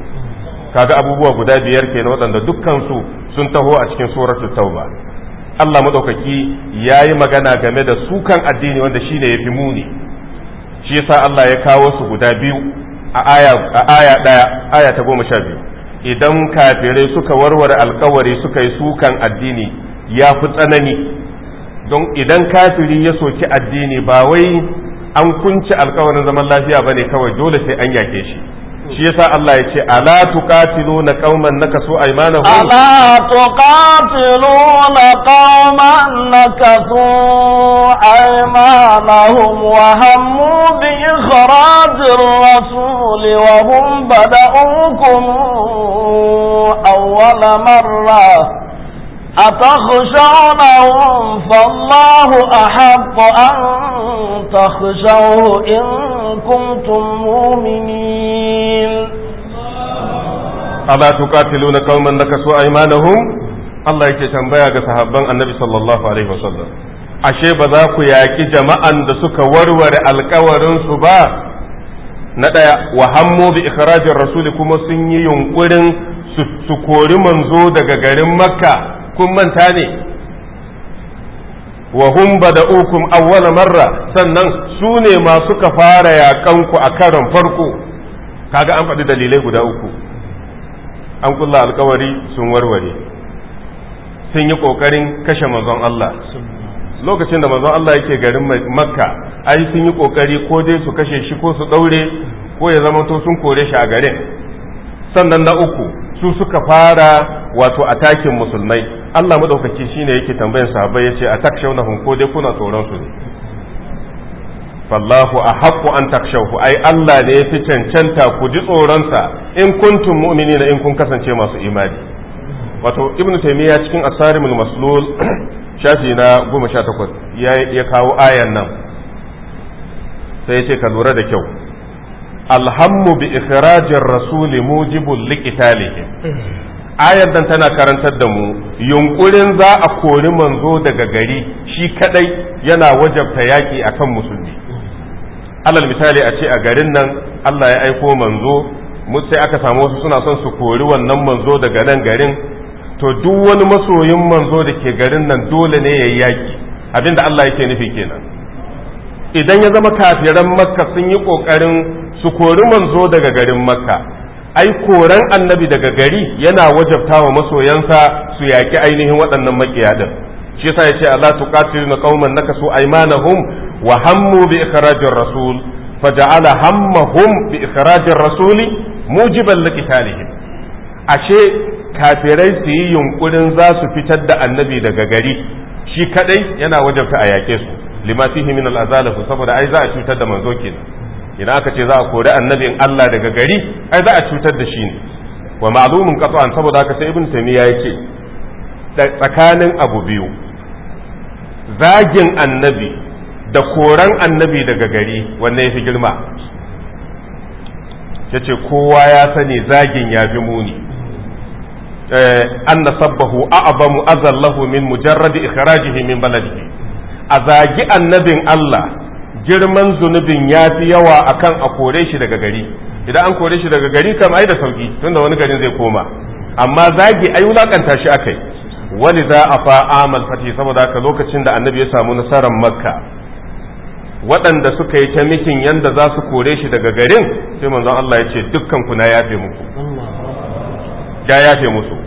kaga abubuwa guda biyar kenan waɗanda dukkansu sun taho a cikin suratul tauba Allah madaukaki ya yi magana game da sukan addini wanda shine ya fi muni shi yasa Allah ya kawo su guda biyu a aya ɗaya aya ta goma sha biyu idan kafirai suka warware alkawari suka yi sukan addini ya fi tsanani don idan kafiri ya soki addini ba wai an kunci alkawarin zaman lafiya ba ne kawai dole sai an yake shi shi yasa Allah ya ce ala na qauman nakasu aymanahum ala na qauman nakasu aymanahum wa hammu bi ikhrajir rasul wa hum bada'ukum awwala marra أتخشونهم فالله أحق أن تخشوه إن كنتم مؤمنين ألا تقاتلون قوما نكسوا أيمانهم Allah yake tambaya ga النبي صلى sallallahu alaihi وسلم ashe ba za ku yaƙi jama'an da suka warware alkawarinsu ba na ɗaya wa hammo bi ikhrajin rasuli kuma sun yi yunƙurin su kori manzo daga garin makka kun manta ne wa hum bada'ukum awwala marra sannan su ne ma suka fara yaƙanku a karon farko kaga an faɗi dalilai guda uku an kulla alkawari sun warware sun yi ƙoƙarin kashe manzon Allah lokacin da manzon Allah yake garin makka ai sun yi ƙoƙari ko dai su kashe shi ko su ɗaure ko ya zama to sun kore shi a garin sannan na uku su suka fara wato atakin musulmai Allah madaukaki shine yake tambayan sahabbai yace a takshawnahum ko dai kuna tsoron su ne fallahu ahaqqu an takshawhu ai Allah ne yafi cancanta ku ji tsoron sa in kuntum mu'minina in kun kasance masu imani wato ibnu taymiya cikin asarimul maslul shafi na 18 ya kawo ayan nan sai yace ka lura da kyau alhammu bi ikhrajir rasuli mujibul liqitalihim hmm. ayar dan tana karantar da mu yunkurin za a kori manzo daga gari shi kadai yana wajabta yaki akan musulmi alal misali a ce a garin nan Allah ya aiko manzo sai aka samu wasu suna son su kori wannan manzo daga nan garin to duk wani masoyin manzo da ke garin nan dole ne ya yaki abinda Allah yake nufi kenan idan ya zama kafiran makka sun yi kokarin su kori manzo daga garin makka ai koran annabi daga gari yana wajabta wa masoyansa su yaƙi ainihin waɗannan makiya din shi yasa yace Allah na qauman nakasu aymanahum wa hammu bi ikhrajir rasul faja'ala hammahum bi ikhrajir rasuli mujiban liqitalihim ashe kafirai su yi yunkurin za su fitar da annabi daga gari shi kadai yana wajabta a yake su lima fihi min al saboda ai za a cutar da manzo kenan Ina aka ce za a kori annabin Allah daga gari ai za a cutar da shi ne wa ma'lumin qat'an saboda aka sai ibn taymiya yake tsakanin abu biyu zagin annabi da koran annabi daga gari wanne yafi girma yace kowa ya sani zagin ya fi muni eh, an sabbahu a'zamu azallahu min mujarradi ikhrajihi min baladihi a zagi annabin Allah girman zunubin ya fi yawa akan a kore shi daga gari idan an kore shi daga gari kam ai da sauki tunda wani garin zai koma amma zagi ai wulakanta shi akai wani za a fa amal fati saboda haka lokacin da annabi ya samu nasarar makka waɗanda suka yi ta mikin yanda za su kore shi daga garin sai manzon Allah ya ce dukkan ku na yafe muku ya yafe musu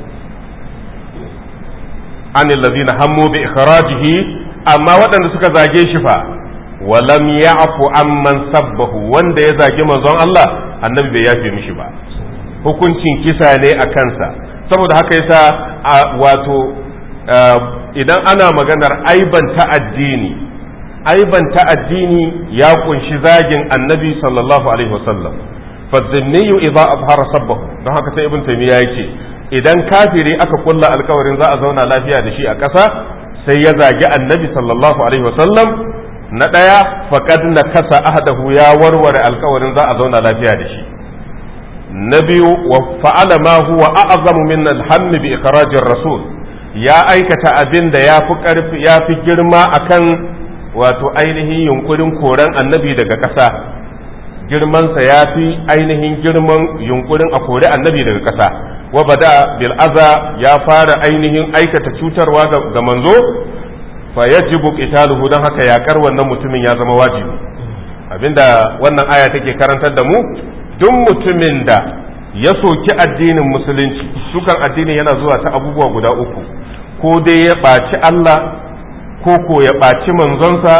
an allazina hammu bi ikhrajihi amma waɗanda suka zage shi fa wa lam ya'fu sabbahu wanda ya zagi manzon Allah annabi bai yafe mishi ba hukuncin kisa ne a kansa saboda haka yasa wato idan ana maganar aibanta addini aibanta addini ya kunshi zagin annabi sallallahu alaihi wasallam fadzimniyu idza abhara sabbahu don haka sai ibn taymiya yake idan kafiri aka kulla alkawarin za a zauna lafiya da shi a ƙasa sai ya zagi annabi sallallahu alaihi wasallam na ɗaya faƙad na kasa ahdahu ya warware alkawarin za a zauna lafiya da shi na biyu wa fa'ala ma huwa a'zamu min alhamm bi ikhrajir rasul ya aikata abin da ya fi ƙarfi ya fi girma akan wato ainihin yunkurin koran annabi daga ƙasa girmansa ya fi ainihin girman yunkurin a kori annabi daga ƙasa wa bada bil aza ya fara ainihin aikata cutarwa ga manzo fa yajibu qitaluhu dan haka yakar wannan mutumin ya zama wajibi abinda wannan aya take karantar da mu duk mutumin da ya soki addinin musulunci sukan addini yana zuwa ta abubuwa guda uku ko dai ya ɓaci Allah ko ko ya ɓaci manzonsa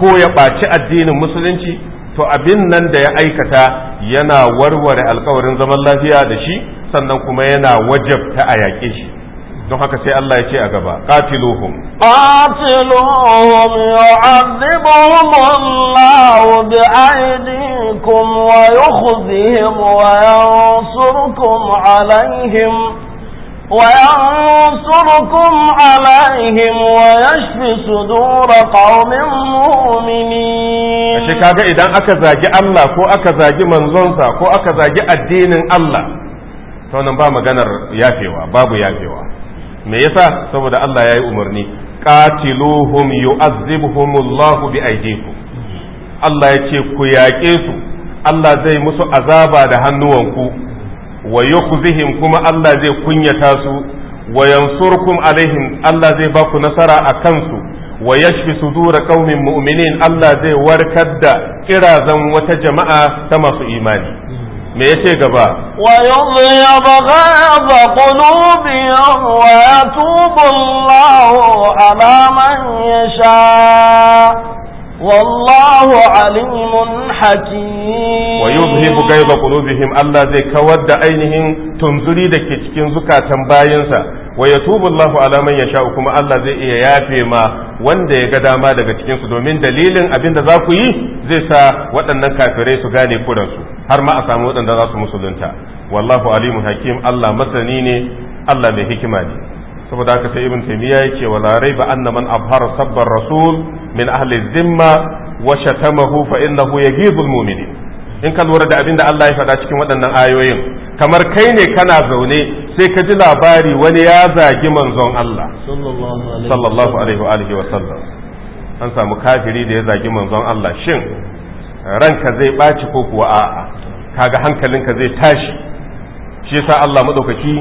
ko ya ɓaci addinin musulunci to abin nan da ya aikata yana warware alkawarin zaman lafiya da shi sannan kuma yana wajabta a yaƙe shi don haka sai Allah ya ce a gaba qatiluhum qatiluhum yu'adhibuhum Allah bi aydikum wa yukhzihim wa yansurukum alaihim وينصركم عليهم ويشفي صدور قوم مؤمنين ashe kaga idan aka zagi Allah ko aka zagi manzonsa ko aka zagi addinin Allah to nan ba maganar yafewa babu yafewa me yasa saboda Allah ya yi umarni qatiluhum yu'azzibuhumullahu bi Allah ya ce ku yaƙe su Allah zai musu azaba da hannuwanku wa yukhzihim kuma Allah zai kunyata su wa yansurkum alaihim Allah zai ba ku nasara a kansu wa yashfi sudura qaumin mu'minin Allah zai warkar da kirazan wata jama'a ta masu imani me yace gaba wa yudhhab ghadab qulubihim wa yatubu Allahu ala man yasha والله عليم حكيم ويذهب غيظ قلوبهم الله زي كود عينهم تنزري دك cikin zukatan bayinsa ويتوب الله على من يشاء كما الله زي iya yafe ma wanda ya ga dama daga cikin su domin dalilin abin da za ku yi zai sa waɗannan kafirai su gane kuransu har ma a samu waɗanda za su musulunta wallahu alimun hakim Allah masani ne Allah mai hikima ne saboda haka sai ibn taymiya yake wala raiba anna man abhara sabbar rasul min ahli zimma wa shatamahu fa innahu yaghidul mu'minin in ka lura da abinda da Allah ya faɗa cikin waɗannan ayoyin kamar kai ne kana zaune sai ka ji labari wani ya zagi manzon Allah sallallahu alaihi wa alihi wa sallam an samu kafiri da ya zagi manzon Allah shin ranka zai ɓaci ko kuwa a'a kaga hankalinka zai tashi shi yasa Allah madaukaki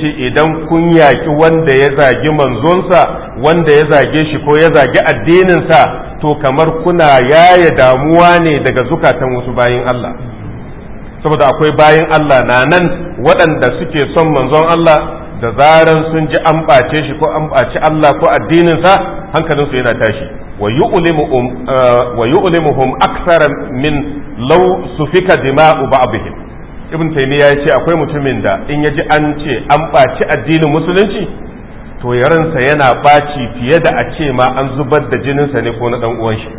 ce idan kun yaki wanda ya zagi manzonsa wanda ya zage shi ko ya zagi addininsa to kamar kuna yaya damuwa ne daga zukatan wasu bayin Allah saboda akwai bayin Allah na nan waɗanda suke son manzon Allah da zaran sun ji an ɓace shi ko an ɓaci Allah ko addininsa hankalinsu yana tashi wa uh, hum akthara min law sufika dima'u ba'dihim ibn taymiya ya ce akwai mutumin da in ya ji an ce an ɓaci addinin musulunci to yaransa yana ɓaci fiye da a ce ma an zubar da jininsa ne ko na ɗan uwan shi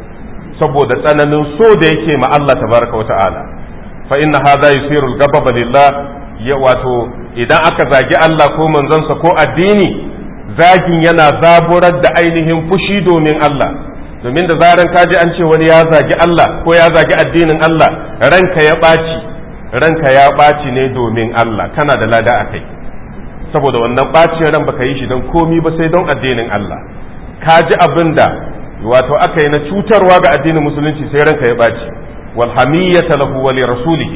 saboda tsananin so da yake ma Allah tabaraka wata'ala fa inna hadha yusiru al-ghadab lillah ya wato idan aka zagi Allah ko manzansa ko addini zagin yana zaburar da ainihin fushi domin Allah domin da zaran ka an ce wani ya zagi Allah ko ya zagi addinin Allah ranka ya ɓaci ranka ya ɓaci ne domin Allah kana da lada a kai saboda wannan ɓacin ran baka yi shi don komi ba sai don addinin Allah ka ji abin da wato aka yi na cutarwa ga addinin musulunci sai ranka ya ɓaci wal hamiyata talahu wa rasuli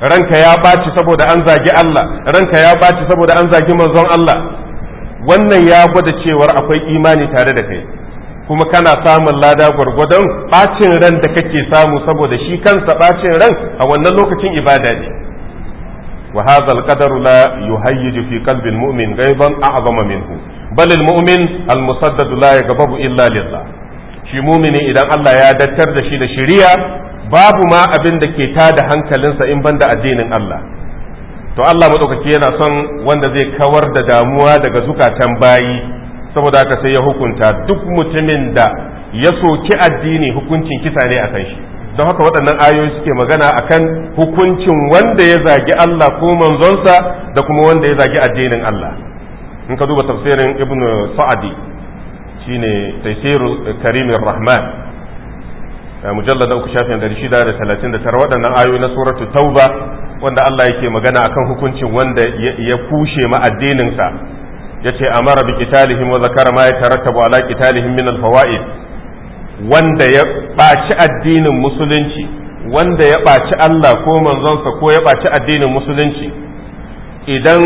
ranka ya ɓaci saboda an zagi Allah ranka ya ɓaci saboda an zagi manzon Allah wannan ya gwada cewar akwai imani tare da kai kuma kana samun lada gwargwadon bacin ran da kake samu saboda shi kansa bacin ran a wannan lokacin ibada ne wa hadha la yuhayyiju fi qalbi al-mu'min ghaiban a'zama minhu bal al-mu'min la yaghdabu illa lillah shi mu'mini idan Allah ya dattar da shi da shari'a babu ma abin da ke tada hankalinsa in banda addinin Allah to Allah madaukaki yana son wanda zai kawar da damuwa daga zukatan bayi saboda haka sai ya hukunta duk mutumin da ya soki addini hukuncin kisa ne a kan shi don haka waɗannan ayoyi suke magana akan hukuncin wanda ya zagi Allah ko manzonsa da kuma wanda ya zagi addinin Allah in ka duba tafsirin ibn sa'adi shine tafsirul karimir rahman eh, mujallad uku shafin da shida da talatin da waɗannan ayoyi na suratu tauba wanda Allah yake magana akan hukuncin wanda ya kushe ma addininsa yace amara bi qitalihim wa zakara ma yatarattabu ala qitalihim min alfawaid wanda ya baci addinin musulunci wanda ya baci Allah ko manzonsa ko ya baci addinin musulunci idan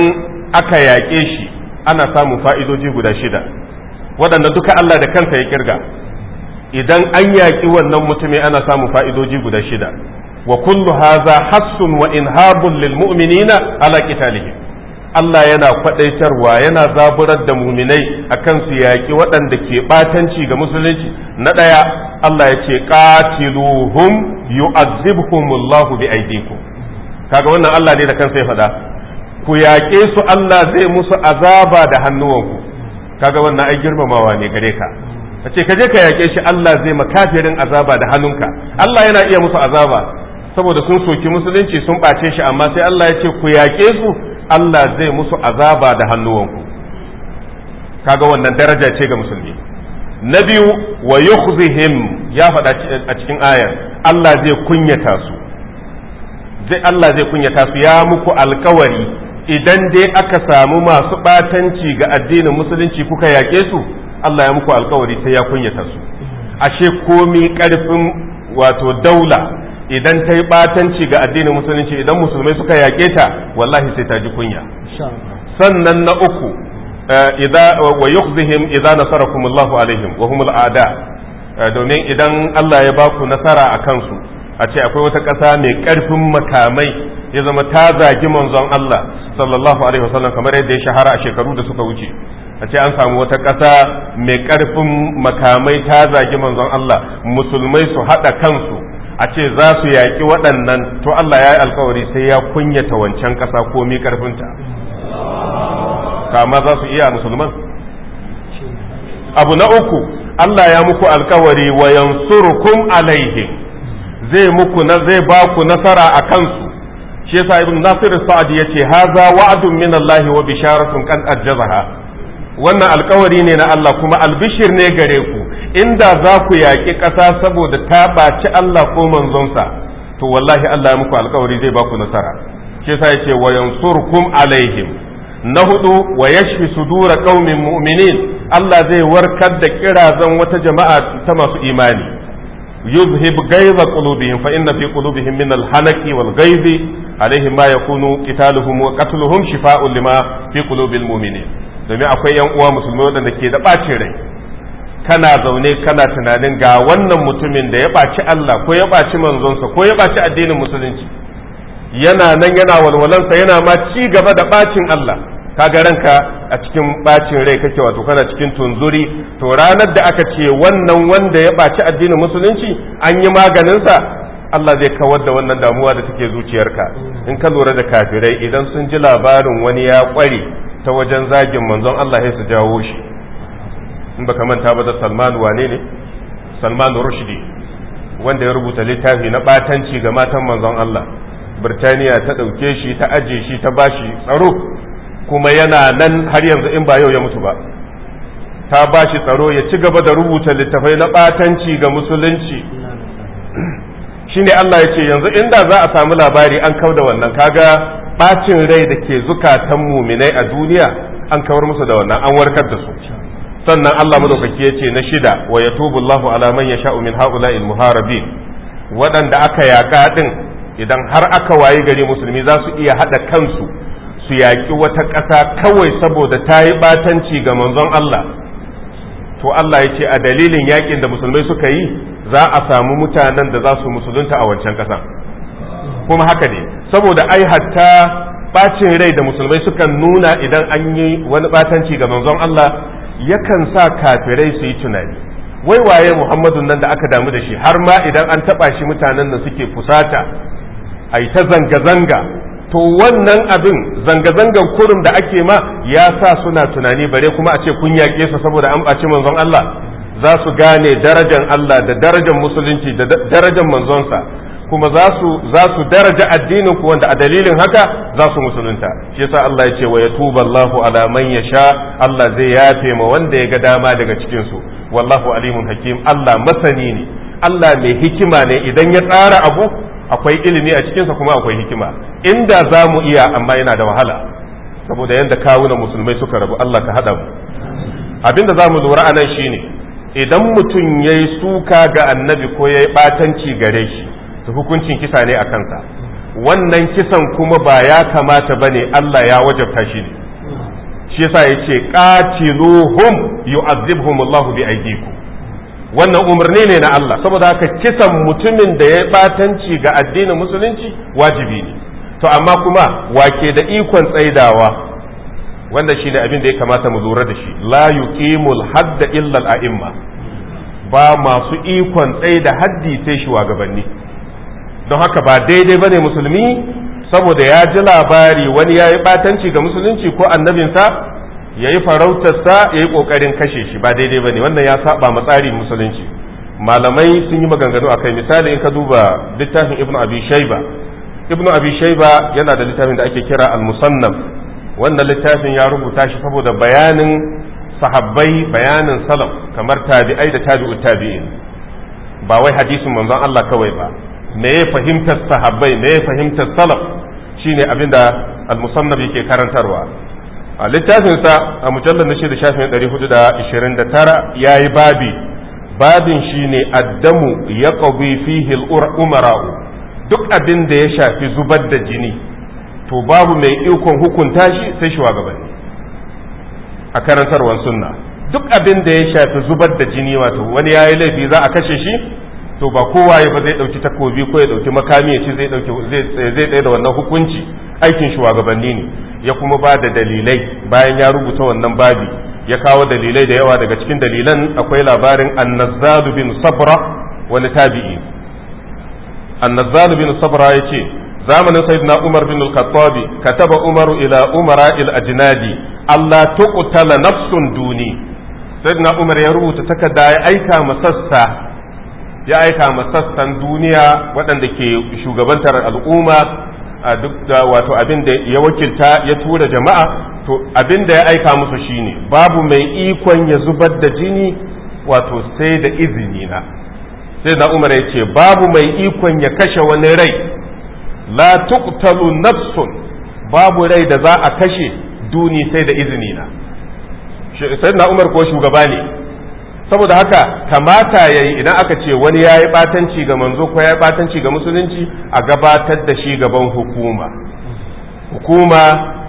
aka yaƙe shi ana samun fa'idoji guda shida waɗanda duka Allah da kansa ya kirga idan an yaƙi wannan mutumi ana samun fa'idoji guda shida wa kullu haza hassun wa inhabun lil mu'minina ala qitalihim Allah yana kwadaitarwa yana zaburar da muminai kan su yaƙi waɗanda ke ɓatanci ga musulunci na ɗaya Allah ya ce qatiluhum yu'azzibhumullahu bi aydikum kaga wannan Allah ne da kansa ya faɗa ku yaƙe su Allah zai musu azaba da hannuwanku kaga wannan ai girmamawa ne gare ka a ce kaje ka yaƙe shi Allah zai makafirin azaba da hannunka Allah yana iya musu azaba saboda sun soki musulunci sun ɓace shi amma sai Allah ya ce ku yaƙe su Allah zai musu azaba da hannuwanku kaga wannan daraja ce ga musulmi na biyu wa yukhzihim ya faɗa a cikin ayar Allah zai kunyata su zai Allah zai kunyata su ya muku alkawari idan dai aka samu masu batanci ga addinin musulunci kuka yaƙe su Allah ya muku alkawari sai ya kunyata su ashe komi ƙarfin wato daula idan ta yi batanci ga addinin musulunci idan musulmai suka yaƙe ta wallahi sai ta ji kunya sannan na uku eh, wa yukhzihim idza nasarakum Allahu alaihim wa humul aada eh, domin idan Allah ya baku nasara a kansu a ce akwai wata ƙasa mai ƙarfin makamai ya zama ta zagi manzon Allah sallallahu alaihi wasallam kamar yadda ya shahara a shekaru da suka wuce a ce an samu wata ƙasa mai ƙarfin makamai ta zagi manzon Allah musulmai su haɗa kansu a ce za su yaƙi waɗannan to Allah ya yi alkawari sai ya kunyata wancan ƙasa komi ƙarfinta kama za su iya musulman abu na uku Allah ya muku alkawari wa yansurukum alaihe zai muku na zai ba ku nasara a kansu shi yasa ibn nasir ce yace haza wa'dun min Allah wa bisharatun kan ha. wannan alkawari ne na Allah kuma albishir ne gare ku inda za ku yaƙi ƙasa saboda ta ɓaci Allah ko manzonsa to wallahi Allah ya muku alkawari zai ba ku nasara shi yasa yace wa yansurkum alaihim na hudu wa yashfi sudura qaumin mu'minin Allah zai warkar da kirazan wata jama'a ta masu imani yuzhib ghaiza qulubihim fa inna fi qulubihim min al-hanaki wal ghaizi alaihim ma yakunu qitaluhum wa qatluhum shifaa'un lima fi qulubil mu'minin domin akwai yan uwa musulmi waɗanda ke da ɓacin rai kana zaune kana tunanin ga wannan mutumin da ya ɓaci Allah ko ya ɓaci manzonsa ko ya ɓaci addinin musulunci yana nan yana walwalansa yana ma ci gaba da ɓacin Allah kaga ranka a cikin ɓacin rai kake wato kana cikin tunzuri to ranar da aka ce wannan wanda ya ɓaci addinin musulunci an yi maganinsa Allah zai kawar da wannan damuwa da take zuciyarka in ka lura da kafirai idan sun ji labarin wani ya ƙware ta wajen zagin manzon Allah ya su jawo shi in baka manta ba da Salman wane ne Salman Rushdie wanda ya rubuta littafi na batanci ga matan manzon Allah Birtaniya ta ɗauke shi ta aje shi ta bashi tsaro kuma yana nan har yanzu in ba yau ya mutu ba ta bashi tsaro ya ci gaba da rubuta littafai na batanci ga musulunci shine Allah ya ce yanzu inda za a samu labari an kauda wannan kaga bacin rai da ke zukatan muminai a duniya an kawar musu da wannan an warkar da su sannan Allah madaukaki ya ce na shida wa yatubu Allahu ala man yasha min haula'il muharibin waɗanda aka yaƙa din idan har aka wayi gari musulmi za su iya haɗa kansu su yaƙi wata ƙasa kawai saboda ta yi batanci ga manzon Allah to Allah ya ce a dalilin yaƙin da musulmai suka yi za a samu mutanen da za su musulunta a wancan ƙasa kuma haka ne saboda ai hatta bacin rai da musulmai sukan nuna idan an yi wani batanci ga manzon Allah yakan sa kafirai su yi tunani wai waye Muhammadun nan da aka damu da shi har ma idan an taba shi mutanen da suke fusata ai ta zanga-zanga to wannan abin zanga-zangan kurum da ake ma ya sa suna tunani bare kuma a ce kun yaƙe sa saboda an ɓaci manzon Allah za su gane darajar Allah da darajar musulunci da darajar manzonsa kuma za su daraja addinin ku wanda a dalilin haka za su musulunta shi yasa Allah ya ce wa tuba Allahu ala man yasha Allah zai yafe ma wanda ya ga dama daga cikin su wallahu alimun hakim Allah masani ne Allah mai hikima ne idan ya tsara abu akwai ilimi a cikinsa kuma akwai hikima inda za mu iya amma yana da wahala saboda yadda kawuna musulmai suka rabu Allah ka haɗa mu abinda za mu lura a nan shine idan mutum ya yi suka ga annabi ko ya yi ɓatanci gare shi Da hukuncin kisa ne a kansa wannan kisan kuma ba ya kamata ba ne Allah ya wajabta shi ne shi yasa ya ce qatiluhum yu'azzibhum Allah bi aydikum wannan umarni ne na Allah saboda haka kisan mutumin da ya batanci ga addinin musulunci wajibi ne to amma kuma wake da ikon tsaidawa wanda shi ne abin da ya kamata mu lura da shi la yuqimul hadda illa al-a'imma ba masu ikon tsaida haddi sai gabanni. don haka ba daidai ne musulmi saboda ya ji labari wani ya yi batanci ga musulunci ko annabinsa ya yi farautarsa ya yi ƙoƙarin kashe shi ba daidai bane wannan ya saba matsarin musulunci malamai sun yi maganganu akai misali in ka duba littafin Ibn abi shaiba ibnu abi shaiba yana da littafin da ake kira al-musannaf wannan littafin ya rubuta shi saboda bayanin sahabbai bayanin salaf kamar tabi'ai da tabi'ut tabi'in ba wai hadisin manzon Allah kawai ba me ya fahimtar sahabbai me ya fahimtar salaf shine abin da al-musannaf yake karantarwa a littafin sa a mujallar na shida shafin 429 yayi babi babin shine addamu ya qabi fihi al-umara'u duk abin da ya shafi zubar da jini to babu mai ikon hukunta shi sai shugabanni a karantarwar sunna duk abin da ya shafi zubar da jini wato wani yayi laifi za a kashe shi to ba kowa ya ba zai ɗauki takobi ko ya ɗauki makami ya ce zai dauki zai da wannan hukunci aikin shugabanni ne ya kuma ba da dalilai bayan ya rubuta wannan babi ya kawo dalilai da yawa daga cikin dalilan akwai labarin annazzalu bin sabra wani tabi'i annazzalu bin sabra ya ce zamanin sayyidina umar bin al-khattab kataba umaru ila umara al-ajnadi Allah tuqtala nafsun duni sayyidina umar ya rubuta takarda ya aika masassa ya aika ma sassan duniya waɗanda ke shugabantar al'umma a duk da wato abin da ya wakilta ya tura jama'a to abin da ya aika musu shine babu mai ikon ya zubar da jini wato sai da izini na sai da umar ya ce babu mai ikon ya kashe wani rai la tuqtalu nafsun babu rai da za a kashe duni sai da izini na sai umar ko shugaba ne saboda haka kamata ya yi idan aka ce wani ya yi batanci ga manzo ko yi batanci ga musulunci a gabatar da shi gaban hukuma hukuma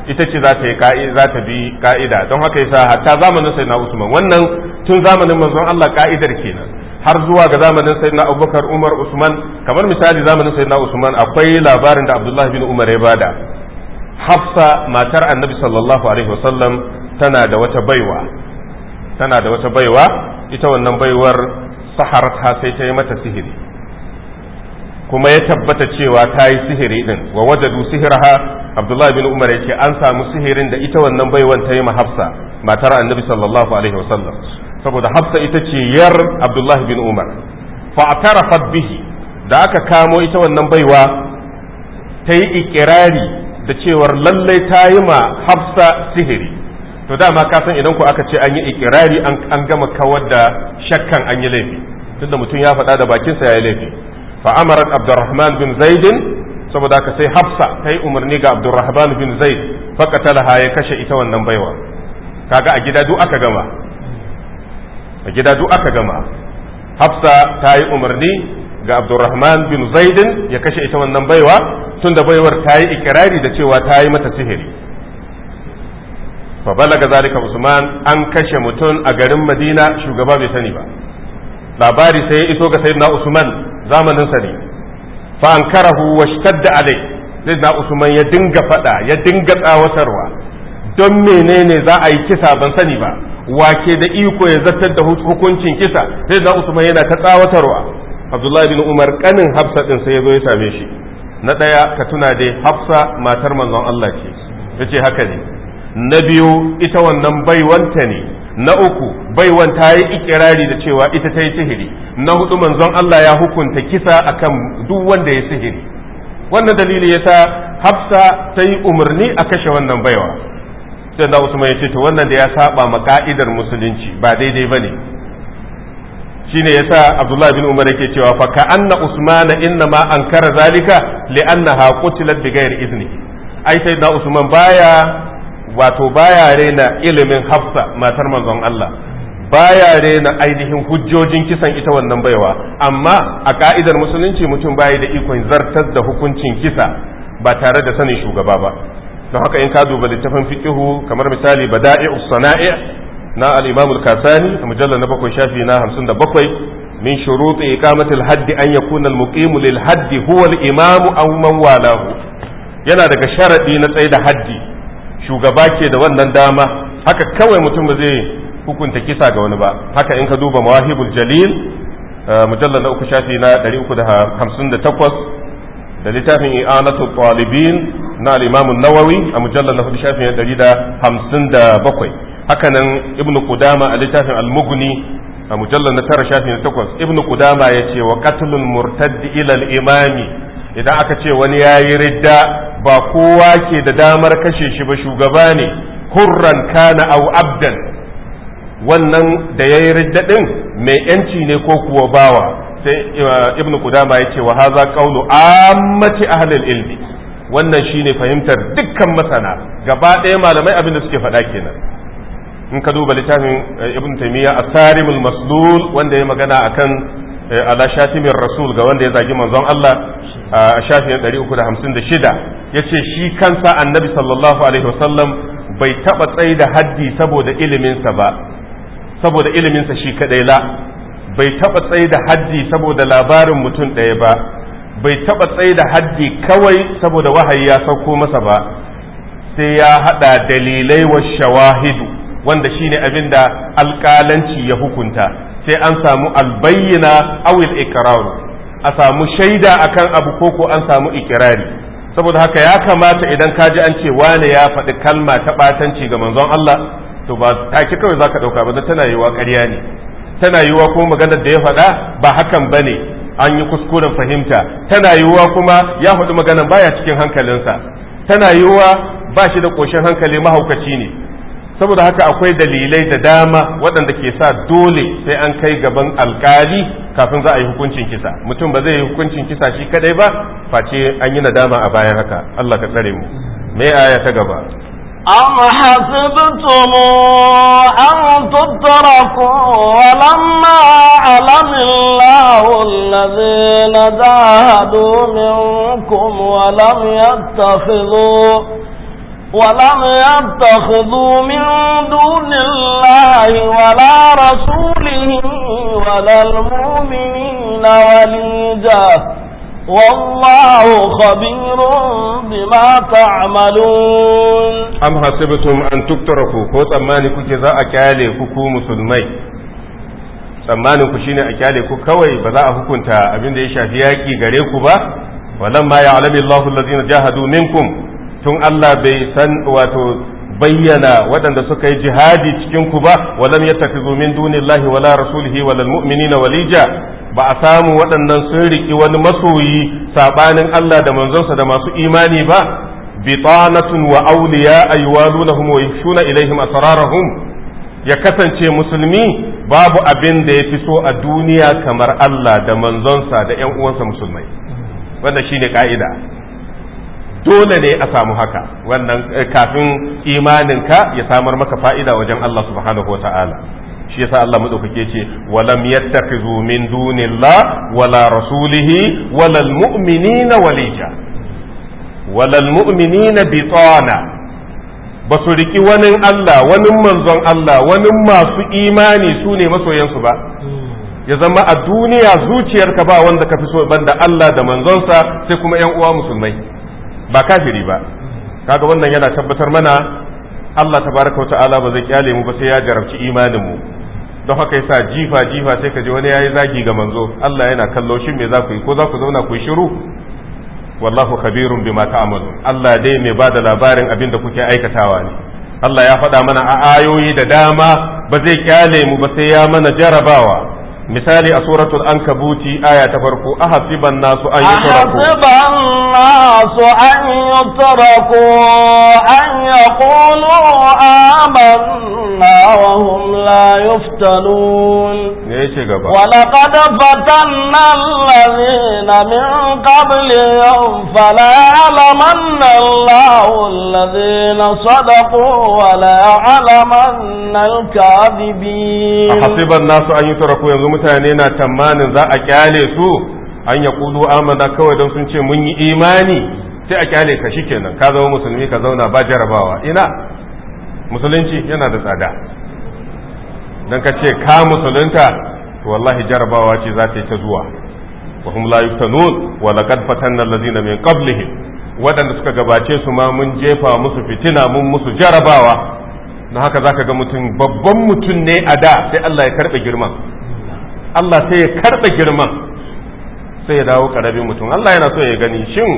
ita ce za ta yi za ta bi ka'ida don haka yasa hatta zamanin sayyidina Usman wannan tun zamanin manzon Allah ka'idar kenan har zuwa ga zamanin sayyidina Abubakar Umar Usman kamar misali zamanin sayyidina Usman akwai labarin da Abdullah bin Umar ya bada Hafsa matar Annabi sallallahu alaihi wasallam tana da wata baiwa tana da wata baiwa ita wannan baiwar saharata sai ta yi mata sihiri kuma ya tabbata cewa ta yi sihiri din wa wajadu sihiraha abdullahi bin umar yake an samu sihirin da ita wannan baiwan ta yi ma hafsa matar annabi sallallahu alaihi wasallam saboda hafsa ita ce yar abdullahi bin umar fa bihi da aka kamo ita wannan baiwa ta yi ikirari da cewar lallai ta yi ma hafsa sihiri to dama ka san idan ku aka ce an yi ikirari an gama kawar da shakkan an yi laifi tunda mutum ya faɗa da bakinsa ya yi laifi fa amara abdurrahman bin zaidin saboda ka sai hafsa ta yi umarni ga abdurrahman bin zaid faqatalaha ya kashe ita wannan baiwa kaga a gida duk aka gama a gida duk aka gama hafsa ta yi umarni ga abdurrahman bin zaidin ya kashe ita wannan baiwa tunda baiwar ta yi ikirari da cewa ta yi mata sihiri fa balaga zalika usman an kashe mutum a garin madina shugaba bai sani ba labari sai ya iso ga sayyidina usman zamanin sa ne fa ankarahu washtadda alai sayyidina usman ya dinga fada ya dinga tsawatarwa don menene za a yi kisa ban sani ba wake da iko ya zartar da hukuncin kisa sayyidina usman yana ta tsawatarwa abdullahi bin umar kanin hafsa din sai ya zo ya same shi na daya ka tuna dai hafsa matar manzon Allah ce yace haka ne na biyu ita wannan baiwanta ne na uku baiwan ta yi ikirari da cewa ita ta yi sihiri na hudu manzon Allah ya hukunta kisa akan duk wanda ya sihiri wannan dalili sa hafsa ta yi umarni a kashe wannan baiwa sai da usman ya ce to wannan da ya saba ma ka'idar musulunci ba daidai ba ne shine sa abdullahi bin umar yake cewa fa ka anna usmana inna ma ankara zalika li annaha qutilat bi ghairi izni ai sai da usman baya wato baya rena ilimin hafsa matar manzon Allah baya rena ainihin hujjojin kisan ita wannan baiwa amma a ka'idar musulunci mutum baya da ikon zartar da hukuncin kisa ba tare da sanin shugaba ba don haka in ka duba littafin fiqhu kamar misali bada'i'u sana'i na al-imam al-kasani mujallal na bakwai shafi na 57 hadd an yakuna al-muqim lil hadd huwa al-imam aw man walahu yana daga sharaɗi na tsaida da haddi shugaba ke da wannan dama haka kawai mutum ba zai hukunta kisa ga wani ba haka in ka duba mawahibul jalil uh, mujallar na uku shafi na 358 da littafin i'anatu talibin na al-imam nawawi a mujallar na hudu shafi na 157 haka nan ibn qudama a littafin al-mughni a mujallar na tara shafi na takwas ibn qudama ya ce wa qatlul murtaddi ila al-imami idan aka ce wani yayi ridda ba kowa ke da damar kashe shi ba shugaba ne hurran kana au abdan wannan da ya yi riddadin mai yanci ne ko kuwa bawa sai eh, ibn kudama ya ce wa haza qawlu ammati ahlil ilmi wannan shine fahimtar dukkan masana gaba ɗaya malamai abin da suke faɗa kenan in ka duba littafin eh, ibn taymiya asarimul maslul wanda ya magana akan eh, ala shatimin rasul ga wanda ya zagi manzon Allah a shafin 356 ce shi kansa annabi sallallahu alaihi wasallam bai taba tsayi da haddi saboda iliminsa ba saboda iliminsa shi kadai la bai taba tsaida da haddi saboda labarin mutum ɗaya ba bai taba tsaida da haddi kawai saboda wahayi ya sauko masa ba sai ya hada dalilai wa shawahidu wanda shine abin da alƙalanci ya hukunta sai an samu albayyana awil ikraru a samu shaida akan abu ko an samu ikirari saboda haka ya kamata idan ka ji an ce wane ya faɗi kalma ta ɓatanci ga manzon Allah to ba ta ki kawai zaka ɗauka ba tana yiwa ƙarya ne tana yiwa kuma maganar da ya faɗa ba hakan bane an yi kuskuren fahimta tana yiwa kuma ya faɗi maganar baya cikin hankalinsa tana yiwa ba shi da ƙoshin hankali mahaukaci ne saboda haka akwai dalilai da dama waɗanda ke sa dole sai an kai gaban alkali kafin za a yi hukuncin kisa mutum ba zai yi hukuncin kisa shi kadai ba face an yi nadama a bayan haka Allah ka tsare mu me aya ta gaba أم حسبتم أن تتركوا ولما علم الله الذين جاهدوا منكم ولم يتخذوا ولم يتخذوا من دون الله ولا رسوله ولا المؤمنين وليجا والله خبير بما تعملون أم حسبتم أن تتركوا كو تماني كو كذا أكالي كو مسلمي tsammanin ku ne a kyale ku kawai ba za a hukunta abin da ya shafi yaƙi gare ku ba walamma ya alamin Allahu allazina jahadu minkum tun Allah bai san wato bayyana waɗanda suka yi jihadi cikin ku ba walam yattakhidhu min dunillahi wala rasulihi wala almu'minina walija ba a samu waɗannan sun wani masoyi saɓanin Allah da manzonsa da masu imani ba bitanatun wa awliya aywalunahum wa yushuna ilaihim asrarahum ya kasance musulmi babu abin da ya fi so a duniya kamar Allah da manzonsa da 'yan uwansa musulmai wanda shine ka'ida dole ne a samu haka wannan eh, kafin imaninka ya samar maka fa'ida wajen Allah subhanahu wa ta'ala shi yasa Allah madaukake ce walam yattakhizu min dunillah wala rasulihi wala almu'minina walija wala almu'minina bitana ba su riki wani Allah wani manzon Allah wani masu imani su ne masoyansu ba ya zama a duniya zuciyarka ba wanda ka fi so banda Allah da manzonsa sai kuma 'yan uwa musulmai ba kafiri ba kaga wannan yana tabbatar mana Allah tabaraka ta'ala ba zai kyale mu ba sai ya jarabci imanin mu don haka yasa jifa jifa sai ka ji wani yayi zagi ga manzo Allah yana kallo shin me za ku yi ko za ku zauna ku yi shiru wallahu khabirun bima ta'malun Allah dai mai bada labarin abin da kuke aikatawa ne Allah ya faɗa mana a ayoyi da dama ba zai kyale mu ba sai ya mana jarabawa misali a suratul ankabuti aya ta farko ahasiban nasu an yi ahasiban nasu an yutraku an yaqulu amanna wa hum la yuftanun ne yace gaba wa laqad fatanna alladhina min qablihim fala ya'lamanna allahu alladhina sadaqu wa la ya'lamanna al-kadhibin ahasiban nasu an yutraku yanzu mutane na tamanin za a kyale su an ya kudu amana kawai don sun ce mun yi imani sai a kyale ka shi kenan ka zama musulmi ka zauna ba jarabawa ina musulunci yana da tsada don ka ce ka musulunta to wallahi jarabawa ce za ta yi ta zuwa wa hum la yuftanun wa laqad fatanna allazina min qablihim waɗanda suka gabace su ma mun jefa musu fitina mun musu jarabawa na haka zaka ga mutum babban mutum ne a da sai Allah ya karɓe girman Allah sai ya karɓa girman sai ya dawo ƙaramin mutum Allah yana so ya gani shin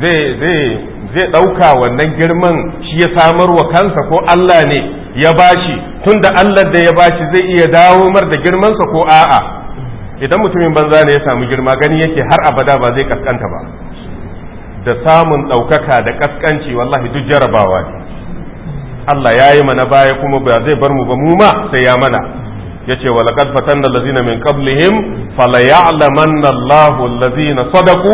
zai ɗauka wannan girman shi ya samar wa kansa ko Allah ne ya bashi tun da Allah da ya bashi zai iya dawo mar da girmansa ko a'a idan mutumin banza ne ya samu girma gani yake har abada ba zai kaskanta ba da samun ɗaukaka da kaskanci wallahi duk jarabawa ne Allah ya yi mana baya kuma ba zai bar mu ba mu ma sai ya mana yace wa laqad fatanna allazina min qablihim fala ya'lamanna Allahu allazina sadaqu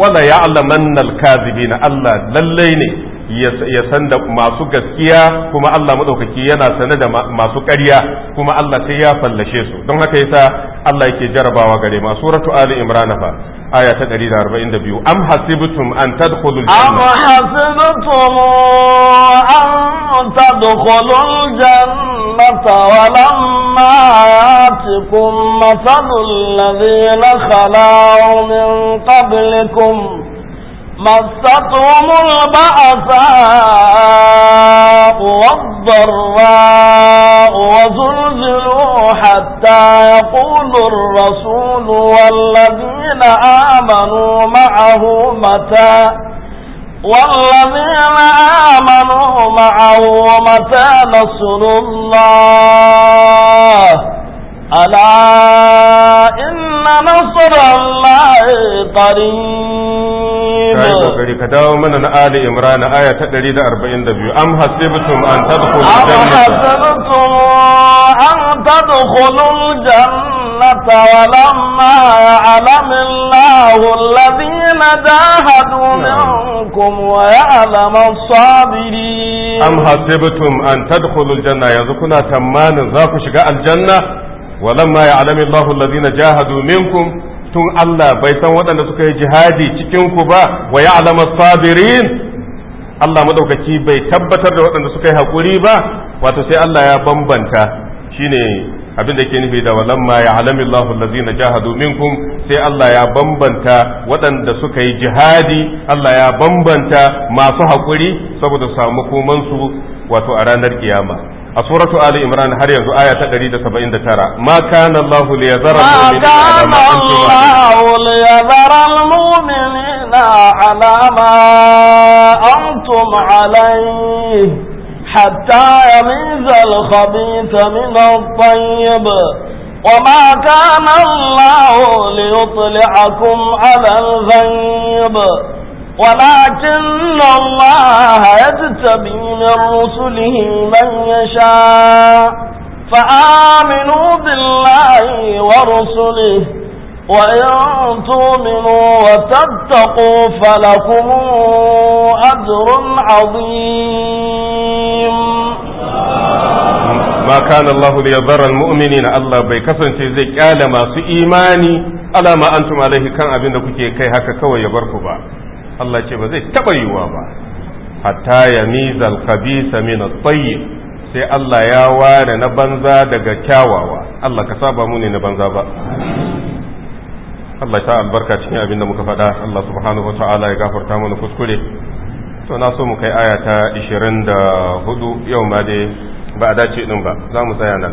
wa la ya'lamanna Allah lallai ne ya san da masu gaskiya kuma Allah madaukaki yana sane da masu ƙarya kuma Allah sai ya fallashe su don haka yasa Allah yake jarabawa gare ma suratu ali imran fa aya ta 142 am hasibtum an tadkhulul janna am hasibtum an tadkhulul jannata wa lamma yatikum mathalul ladina khalau min qablikum مستهم البأساء والضراء وزلزلوا حتى يقول الرسول والذين آمنوا معه متى والذين آمنوا معه متى نصر الله ألا إن نصر الله قريب kai kokari ka dawo mana na ali imran aya ta 142 am hasibtum an tadkhulu jannata an tadkhulu jannata wa lamma ya'lam Allahu alladhina jahadu minkum wa ya'lam as-sabirin am hasibtum an tadkhulu janna yanzu kuna tamanin za ku shiga aljanna wa lamma ya'lam Allahu alladhina jahadu minkum tun Allah bai san waɗanda suka yi jihadi cikin ku ba wa ya'lamu sabirin Allah madaukaki bai tabbatar da waɗanda suka yi hakuri ba wato sai Allah ya bambanta shine abin da ke nufi da walamma ya alami Allahu allazina jahadu minkum sai Allah ya bambanta waɗanda suka yi jihadi Allah ya bambanta masu haƙuri saboda samu komansu wato a ranar kiyama a suratu ali imran har yanzu aya ta 179 ma kana allah li yazara al mu'minina ala ma antum alayhi hatta yamiza al khabitha min al tayyib وما كان الله ليطلعكم على الغيب ولكن الله يجتبي من رسله من يشاء فآمنوا بالله ورسله وإن تؤمنوا وتتقوا فلكم أجر عظيم ما كان الله ليذر المؤمنين الله بيكسن شيء قال في إيماني ألا ما أنتم عليه كان أبين كي كي هكا كوي يبركوا Allah ce ba zai taɓa yiwuwa ba hatta ya miza kabisa min tayyib sai Allah ya ware na banza daga kyawawa Allah ka saba mu ne na banza ba Allah ta albarka cikin abin da muka faɗa Allah subhanahu wa ta'ala ya gafarta mana kuskure to na so mu kai aya ta 24 yau ma dai ba a dace din ba za mu tsaya nan